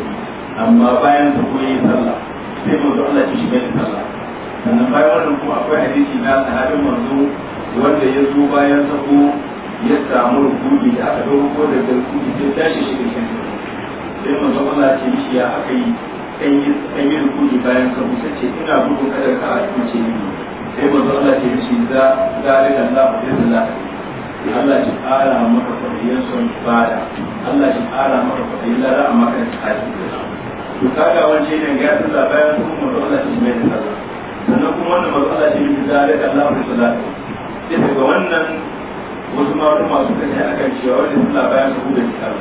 amma bayan da kuma yi sallah sai zo Allah ya shiga da sallah sannan bayan wannan kuma akwai hadisi na sahabin manzo wanda ya zo bayan sako ya samu rubuci da aka dauko ko da rubuci sai tashi shiga cikin sai zo Allah ya ce shi ya aka yi kan yi rubuci bayan sako sai ce ina gudu kada ka a cikin ce sai zo Allah ya ce shi za da Allah ya sallah Allah shi ƙara maka kwaɗayen son bada Allah shi ƙara maka kwaɗayen lara a maka kaji to kaga wance ne ga sun labarin su kuma da Allah shi mai da sallah sannan kuma wannan matsala shi ne da da Allah ku salatu sai daga wannan wasu ma kuma masu kace akan cewa wanda sun labarin su da sallah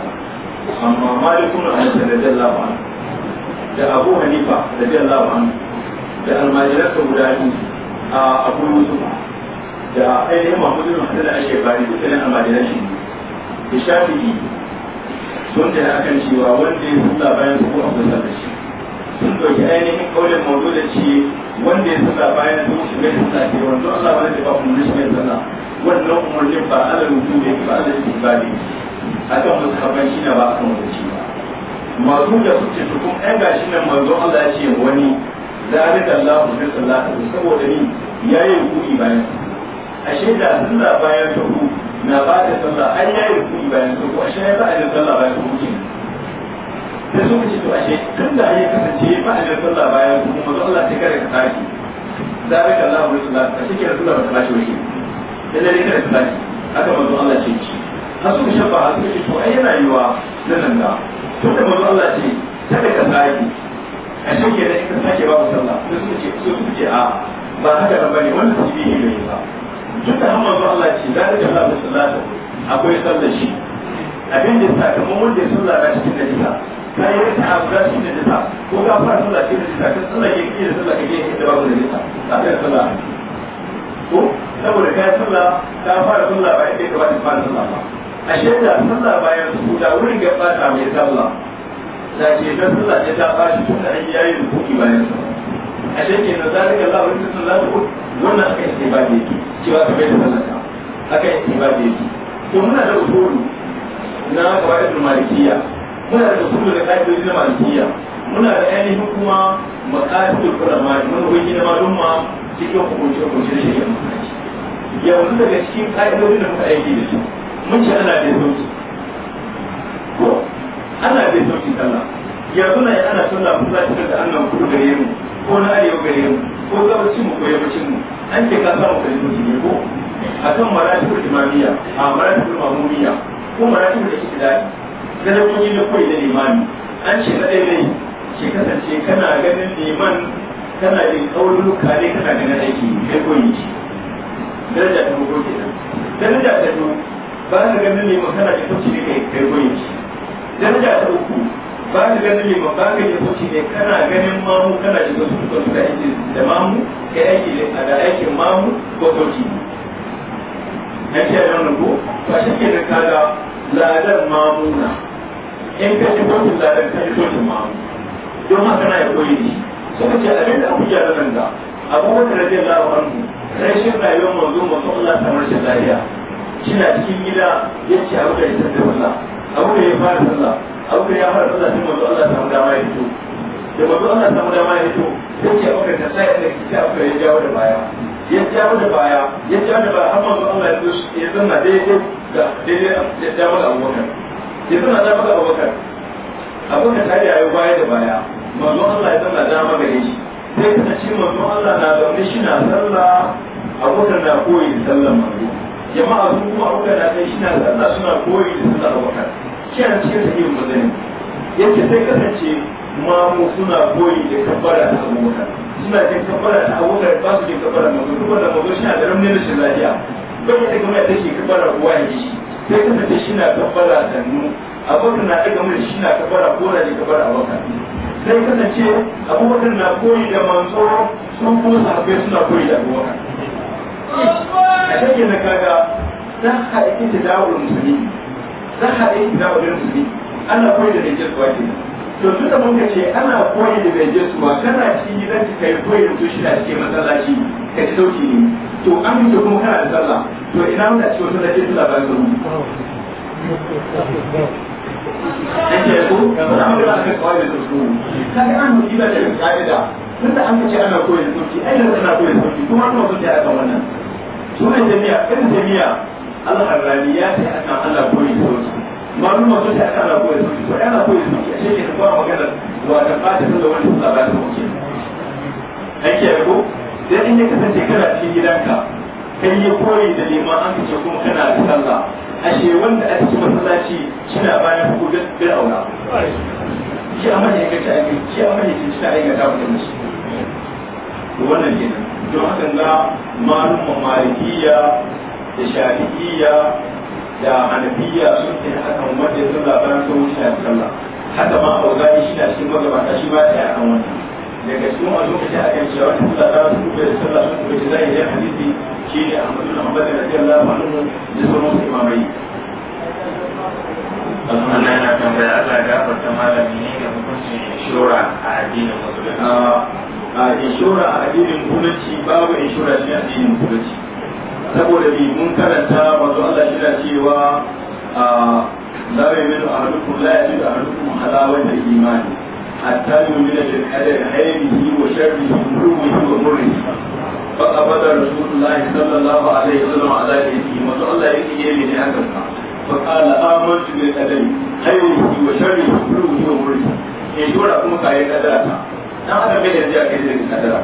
amma Malikuna malikun anas radiyallahu anhu da Abu Hanifa radiyallahu anhu da almajiransa guda biyu a Abu Yusuf da ainihin mahmudu bin hasan ake bari dukkanin amadinan shi da shafi'i sun da akan cewa wanda ya sallah bayan su abu sallah shi sun ɗauki ainihin kaulin mawdu da ce wanda ya sallah bayan su shi mai sallah ke wanda Allah ba zai ba umarni shi mai sallah wannan umarnin ba ala rubu ne ba ala kan akan musahaban shi na ba a akan wadaci ba masu da su kuma ɗan gashi nan manzo Allah ya ce wani Allah Allahu bi sallatihi saboda ni yayi hukumi bayan sallah ashe da sallah bayan sahu na ba da sallah har ya yi kuɗi bayan sahu ashe ya ba da sallah bayan sahu ke da su ce to ashe tun da ya kasance ba a da sallah bayan sahu mazu Allah ta kare ka tsaki da ka Allah wani sallah a cikin rasulullah ba ta bashi wani da dare kare ka tsaki haka mazu Allah ce ci har su shabba har su ce to ai yana yiwa na nan da to da mazu Allah ce kada ka a ashe ke da ka sake babu sallah da su ce a ba haka nan bane wannan yi ne ba tun da hamman zuwa Allah ce zai da Allah musallata akwai sallar shi abin da sa kamar wanda ya sallar na cikin najisa ta yi rasa abu da cikin najisa ko ga fara sallar cikin najisa ta sallar ya kiyar sallar ka ke da babu da najisa ta kai sallar ko saboda kai sallar ta fara sallar ba yadda ya kamata fara sallar ba ashe da sallar bayan su da wurin gaba ta mai sallar da ke ta sallar ta ta bashi tun da an yayi rukuki bayan sallar A ke na zalika Allah wani sallar wannan aka yi ba da yake cewa ka bai da sallaka haka yin ibadi yake to muna da usulu na qawaidul malikiyya muna da usulu da qawaidul malikiyya muna da ainihin kuma maqasidul ulama mun hoyi na malumma cikin hukunci hukunci da shari'a musulunci yanzu daga cikin ƙa'idodin da muka aiki da su mun ce ana da sauki ko ana da sauki sallah yanzu na ana sallah kuma cikin da annan kudu gare mu ko na arewa gare mu ko gabacin mu ko yammacin mu an ce ka samu kalmomi ne ko a kan maratibul imamiya a maratibul mamumiyya ko maratibul ihtidai da da kun yi na koyi da limami an ce kadai ne ke kasance kana ganin liman kana jin kauluka ne kana ganin aiki kai koyi shi daraja ta ke da. daraja ta biyu ba ka ganin liman kana jin kauci ne kai koyi shi daraja ta uku ba ni ganin liman ba ka yi kuci ne kana ganin mamu kana shiga su ko su da aiki da mamu kai aiki da aikin mamu ko kuci na ce da wannan ko ba shi ke da kaga ladar mamu na in ka ci kuci ladar ka yi kuci mamu don haka na yi koyi ne suka ce abin da abuja da nan da abubakar radiyallahu anhu rashin rayuwar manzo manzo Allah ta rashin lafiya shi na cikin gida ya ce abu da ya tattauna abu da ya fara sallah abu ya fara sallah sai manzo Allah samu dama ya fito da manzo Allah samu dama ya fito sai ya fara ta sai da kike abu ya jawo da baya ya jawo da baya ya jawo da baya har manzo Allah ya fito ya zanna daidai da daidai da dama da Abubakar ya zanna da Abubakar Abubakar tare ya yi baya da baya manzo Allah ya zama dama gare shi sai kana ce manzo Allah na zaune shi na sallah Abubakar na koyi sallan manzo jama'a su kuma Abubakar na kai shi na sallah suna koyi da sallah Abubakar shi a cikin sahihin mazani yace sai kasance mamu suna koyi da kabbara ta abubakar suna jin kabbara ta abubakar ba su jin kabbara mazo kuma da mazo shi na da ramne da shin lafiya bai yadda kamar ta shi kabbara kuwa ya ji sai kasance shi na kabbara sannu abubakar na daga mun shi na kabbara ko na jin kabbara abubakar sai kasance abubakar na koyi da manzo sun kuma sahabbai suna koyi da abubakar a shakke na kaga ta haɗe ta dawo musulmi za a yi shiga wajen musulmi ana koyi da mai jesuwa ke to tun da muka ce ana koyi da mai jesuwa kana cikin gidan ka kai koyi da mutum shida cikin masallaci ka ci sauki ne to an mutu kuma kana da sallah to ina muna cikin wata da ke ba su yake ko ba da aka kawai da su kaga an mutu da daga kaida tunda an ce ana koyi da sauki ai da ana koyi da sauki kuma an mutu da aka wannan sunan jami'a kan jami'a alharrani ya ce a kan Allah koyi sauki malumma sun ce a kan Allah koyi sauki ko ana koyi sauki a shekin kuma maganar ta fata sun da wani sallah ba ta wuce an ke ko dan in ya kasance kana cikin gidanka kai ya koyi da liman an kace kuma kana da sallah ashe wanda a cikin masallaci kina bayan hukumar bil aula ji a mai aikata aiki ji a mai aikata shi aikata wannan shi wannan kenan don haka na malumma malikiya da shafi'iyya da hanafiya sun ce hakan wanda ya zama labaran sun wuce a sallah haka ma a wazari shi na cikin magabata shi ba ta akan wani daga cikin wani lokaci akan cewa wani sallah ta sun kuɓe da sallah sun kuɓe da zai yi hadisi shi ne ahmadu na hamadu da jiyar lafa nuna da sauran su imamai. Alhamdulillah na tambaya Allah gafarta malami ne ga hukuncin shura a addinin musulunci. a inshora a addinin musulunci babu inshora shi addinin musulunci saboda bi mun karanta wato Allah yana na cewa a zabe min ahadukum la yajid ahadukum halawa da imani hatta yu'mina bil qadari khayrihi wa sharrihi kullihi wa murrihi fa abada rasulullahi sallallahu alaihi wasallam ala yadihi wato Allah yake yi ne haka fa qala amantu bil qadari khayrihi wa sharrihi kullihi wa murrihi eh, in dora kuma kai kadara ta dan haka me da ya kai da kadara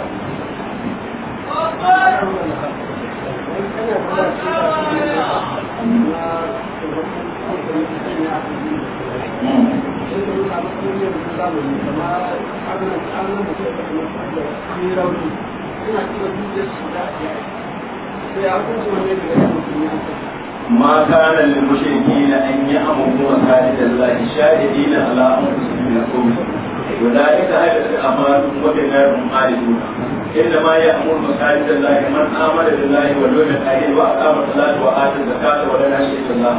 ما كان للمشركين ان يامروا مساجد الله شاهدين على انفسهم يقولون أولئك أهل الأمان وبنارهم خالدون إنما يأمر مساجد الله من آمن بالله واليوم الآخر وأقام الصلاة وآتى الزكاة ولم يشرك الله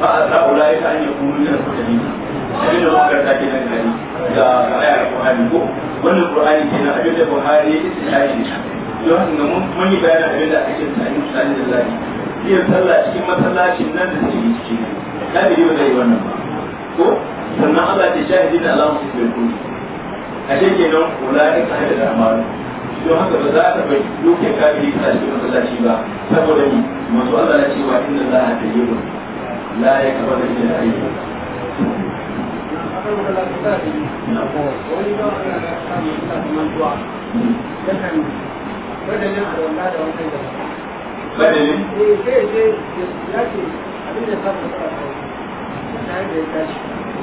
فأتى أولئك أن يكونوا من المسلمين abin da muka ta kenan gani ga ayar Qur'ani ko wannan Qur'ani kenan abin da Buhari ya yi don haka mun mun yi bayanin abin da ake tsani tsani da zaki iya cikin masallacin nan da zai wannan ko sannan Allah ce shahidi da Allah musu bai kuni a shi ke nan kula da ka haɗa da amalu don haka ba za ka bai doke kafiri ta shi masallaci ba saboda ni masu Allah na cewa inda za a tayi ba la ya kaba da ina aiki ba ana da samun ita da wankan da badalin? eh sai ta yi da ya tashi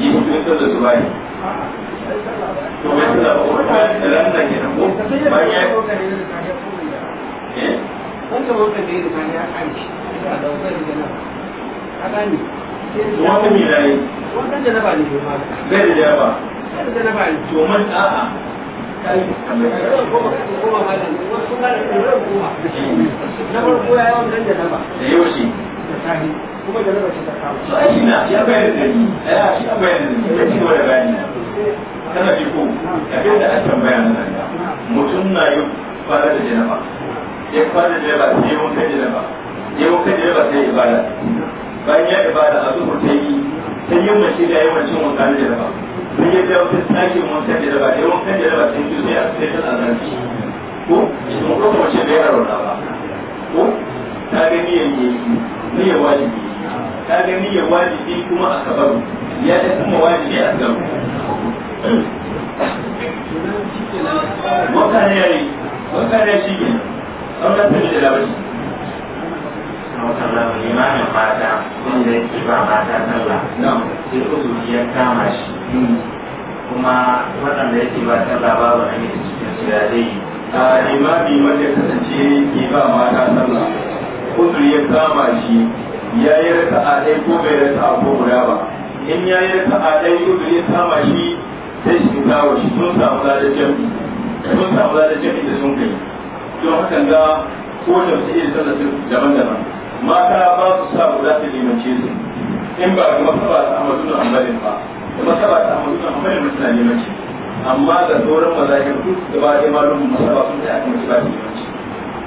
yi mutum da su bayi to mai su zaba wani bayan da ran da ke nan ko bayan ya yi wanda wanda da yi da eh? kanya a kan shi a daukar da nan a gani wanda mai da yi wanda da ba ne ma bai da ya ba da ba ne to man a'a na farko ya yawan nan da na ba da yawa shi da sahi kuma da raba ta kawo so ai na ya bayar da ni ya shi ya bayar da ni ya ci gaba da bayani kana ji ko abin da aka na nan mutum na yi fara da janaba ya fara da janaba sai ya wanka janaba ya wanka janaba sai ya ibada bayan ya ibada a zuwa ta yi sai yin mace da yawan cin wanka da janaba sai ya dawo ta sake wanka janaba ya wanka janaba sai ya zuwa sai ta azanci ko mun kuma mace da yaro na ba ko ta ga yanke ni ya wajibi ka ga niyyar wajibi kuma a kabaru ya ta kuma wajibi a kabaru wanka ne yare shi ke an rasa da labarci limanin mata wanda yake ba mata sallah sai uzuri ya kama shi kuma waɗanda yake ba sallah babu namiji cikin su ya dai a limami wanda kasance yake ba mata sallah uzuri ya kama shi ya yi rasa a ɗai ko bai rasa a ko guda ba in ya yi rasa a ɗai ko bai kama shi sai shi kawo shi sun samu ladar jami sun samu ladar jami da sun kai don haka ga ko da su iya da daban-daban mata ba su sa guda su limance su in ba ga masaba ta amadu da ambalin ba da masaba ta amadu da ambalin ba suna limanci amma da sauran mazahir duk da ba da malum masaba sun ta akan su ba su limanci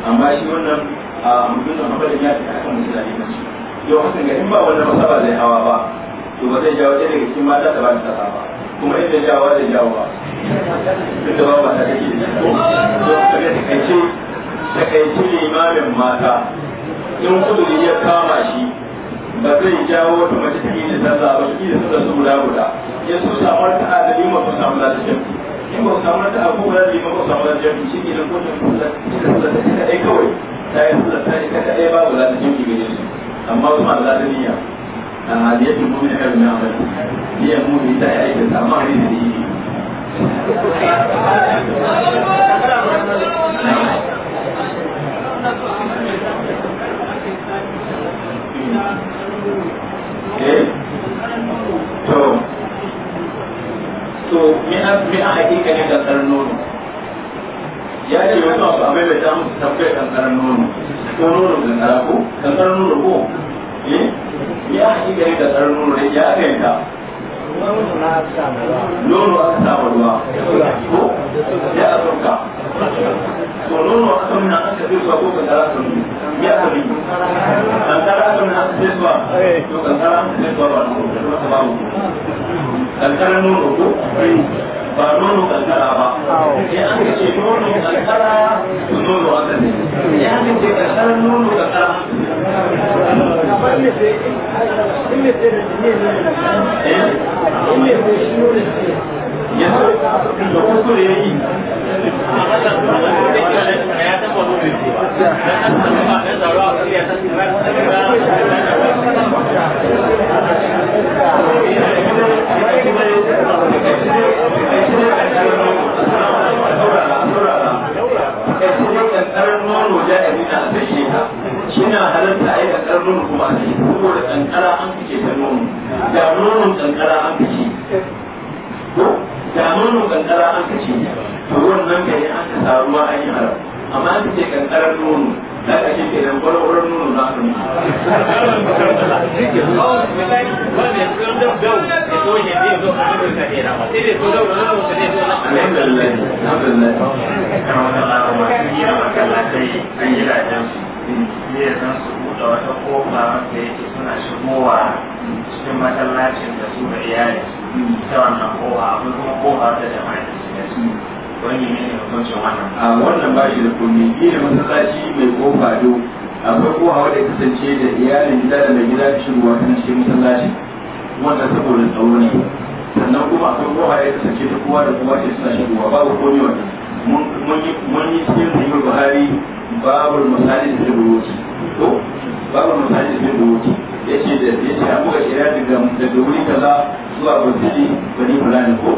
amma shi wannan a amadu da ambalin ya ta akan su da limanci yau kusan ga in ba wani masaba zai hawa ba to ba zai jawo ce daga cikin mata da ba ta sa ba kuma in da jawo zai jawo ba duk da ba ba ta kake da ko to ka ga takaice takaice limamin mata in kuduri ya kama shi ba zai jawo wata mace ta yi da sallah ba shi da sallah su guda guda ya so samar ta a ma ku samu da jami'i in ba samu ta a kuma da ku samu da jami'i shi ne da shi sallah ta ɗaya kawai ta yi sallah ta ɗaya ba babu da jami'i ne amma kuma Allah da niyya a hadiyatu mu'min kan na amal niyya mu'min ta yi aikin amma hadisi da yi eh? to to me a me a hakika ne da nono ya ce wani abu a mai bai samu nono nono ganga ko gangar nono ko eh ya haƙi ya ne ya ruwa ko ya a sauka to nono aka nuna aka fi zuwa ko kankara nuna ya aka bi kankara aka nuna aka fi zuwa to kankara ba. fi ba nono kankara ko ba nono kankara ba sai an ce nono kankara to nono haka ne ya min ce kankara nono kankara ya yana halarta a yi kakar nono kuma a yi saboda kankara an fice ta nono da nonon kankara an fice ko da nonon kankara an fice to wannan gari an ka samu ma an yi haram amma an fice kankarar nono da kake ke da kwarkwarar nono za ka Alhamdulillah, bincike zan su buɗe wata kofa wanda yake suna shigowa cikin masallacin da su da iyali ta wannan kofa akwai kuma kofa da jama'a da shiga ciki wani ne ne hukuncin wannan a wannan ba shi da komi gina matsalaci mai kofa do akwai kofa wanda kasance da iyalin gida da mai gida shigowa kan cikin masallaci wanda saboda tsaro ne sannan kuma akwai kofa ya kasance ta kowa da kowa ke suna shigowa babu komi wannan mun yi sirri buhari babul masajid fil buyuti ko babul masajid fil buyuti yace da yace an buga kira daga daga wuri kaza zuwa burtili bani fulani ko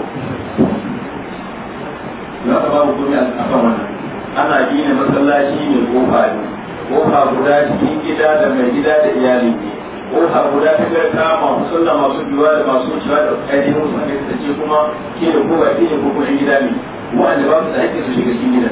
za ka babu komai a kan wannan ana gina masallaci ne ko kofa ne kofa guda cikin gida da mai gida da iyali ne ko kofa guda ta karka masu sallah masu biwa da masu wucewa da kaidin musu ne ta ce kuma ke da kowa ke da kuma gida ne wa'anda ba su da hakki su shiga cikin gida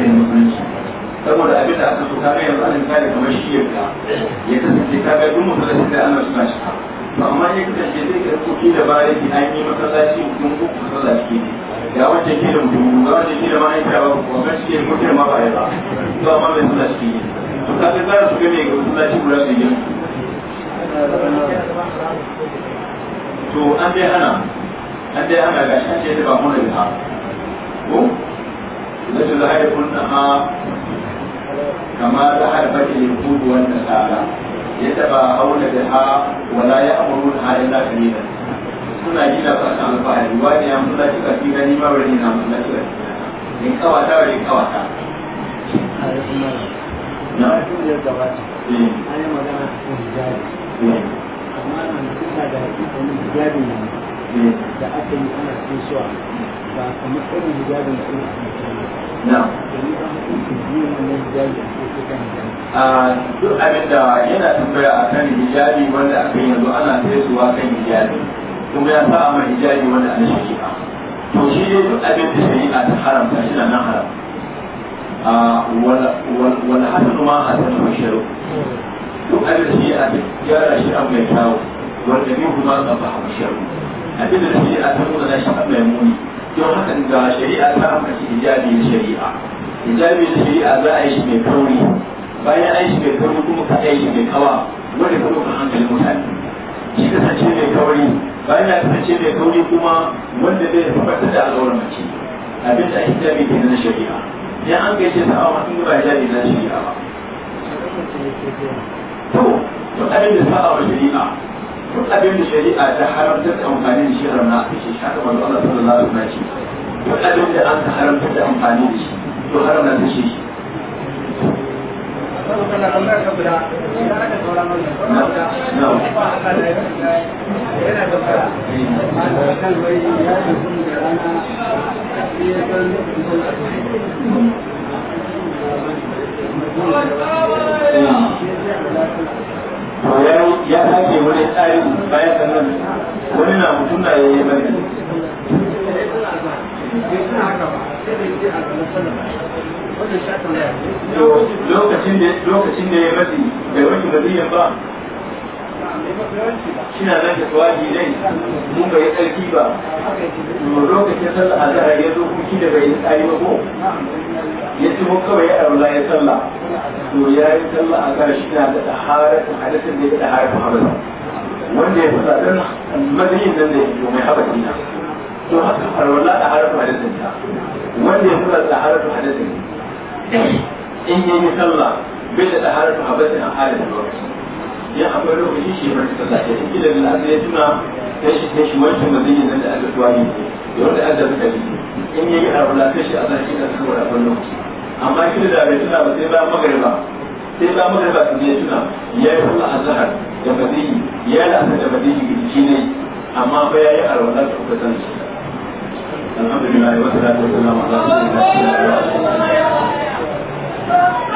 saboda abin da aka so ka ga yanzu an kare kamar shi yanka ya kasance ka ga duk masallaci da Allah suna shi to amma ya kasance zai ga tsoki da bare ki an yi masallaci mutum ko masallaci ne ga wacce ke da mutum ga wacce ke da ma'aikata ba ko ga shi mutum ma ba ya ba to amma bai masallaci ne to ka ga za su ga ne ga masallaci guda da yin to an dai ana an dai ana ga shi ce da ba mu da ha ko Na shi da haifun na kama da harbati yahudu wan nasara yataba haula ha wala ya ya'muruna ha illa da. suna yi ba ta alfahari wani ya mulla shi ka kira ni ma wani na mulla shi ka kira in kawata wani kawata na ya gabata an yi magana cikin hijabi amma nan suna da wani hijabi ne da aka yi ana cikin suwa ba kamar irin hijabin da ina cikin Ah, duk abin da yana tambaya a kan hijabi wanda a kan yanzu ana taizuwa kan hijabi kuma ya sa ma hijabi wanda ana shari'a to shi ne duk abin da shari'a ta haramta shi na nan haram ah, wani hasan ma hasan ko shiru duk abin da shari'a ta gyara shi abu mai kyawu wanda min kuma tsaba hawa shiru abin da shari'a ta nuna shi abu mai muni don haka ga shari'a ta ambaci hijabi na shari'a hijabi na shari'a za a yi shi mai kauri bayan an shi mai kauri kuma ka yi shi mai kawa wanda ka ɗauka hankalin mutane shi kasance mai kauri bayan ya kasance mai kauri kuma wanda zai tabbata da al'aurar mace abin da hijabi ke na shari'a idan an shi ta awa in ba hijabi na shari'a ba to to abin da sa'a wa shari'a duk abin da shari'a ta haramta da amfani da shi ramna a shi haka manzo Allah sallallahu alaihi wasallam ce duk abin da an haramta da amfani da shi to haramta da shi Thank you. to ya sake wani tsari bayan sannan wani na mutum na yayi bane lokacin da ya mace bai wani waliyan ba shina nan da tawadi ne mun bai tsarki ba lokacin sallah a zahar ya zo kuma shi da bai tsari ba ko ya ci mun kawai ya arula ya sallah to ya yi sallah a kan shi na da taharatun hadisin da ya taharatun hamala wanda ya fasa don maziyin nan da ya yi mai haɓa dina to haka arula taharatun hadisin ta wanda ya fasa taharatun hadisin in yi sallah bai da taharatun haɓa dina a halin ya amma lokaci shi bar sallah ya tafi da al'ada ya tuna ya shi ya shi wancan da zai yi da aka tuwani da wanda aka zuka yi in yayi arwala sai shi a zaki da suka wada wannan amma kila da bai tuna ba sai bayan magariba sai bayan magariba sai ya tuna ya yi azhar da badiyi yi asar da ne amma ba ya arwala da kuka san shi alhamdulillah wa salatu wa salam ala rasulillah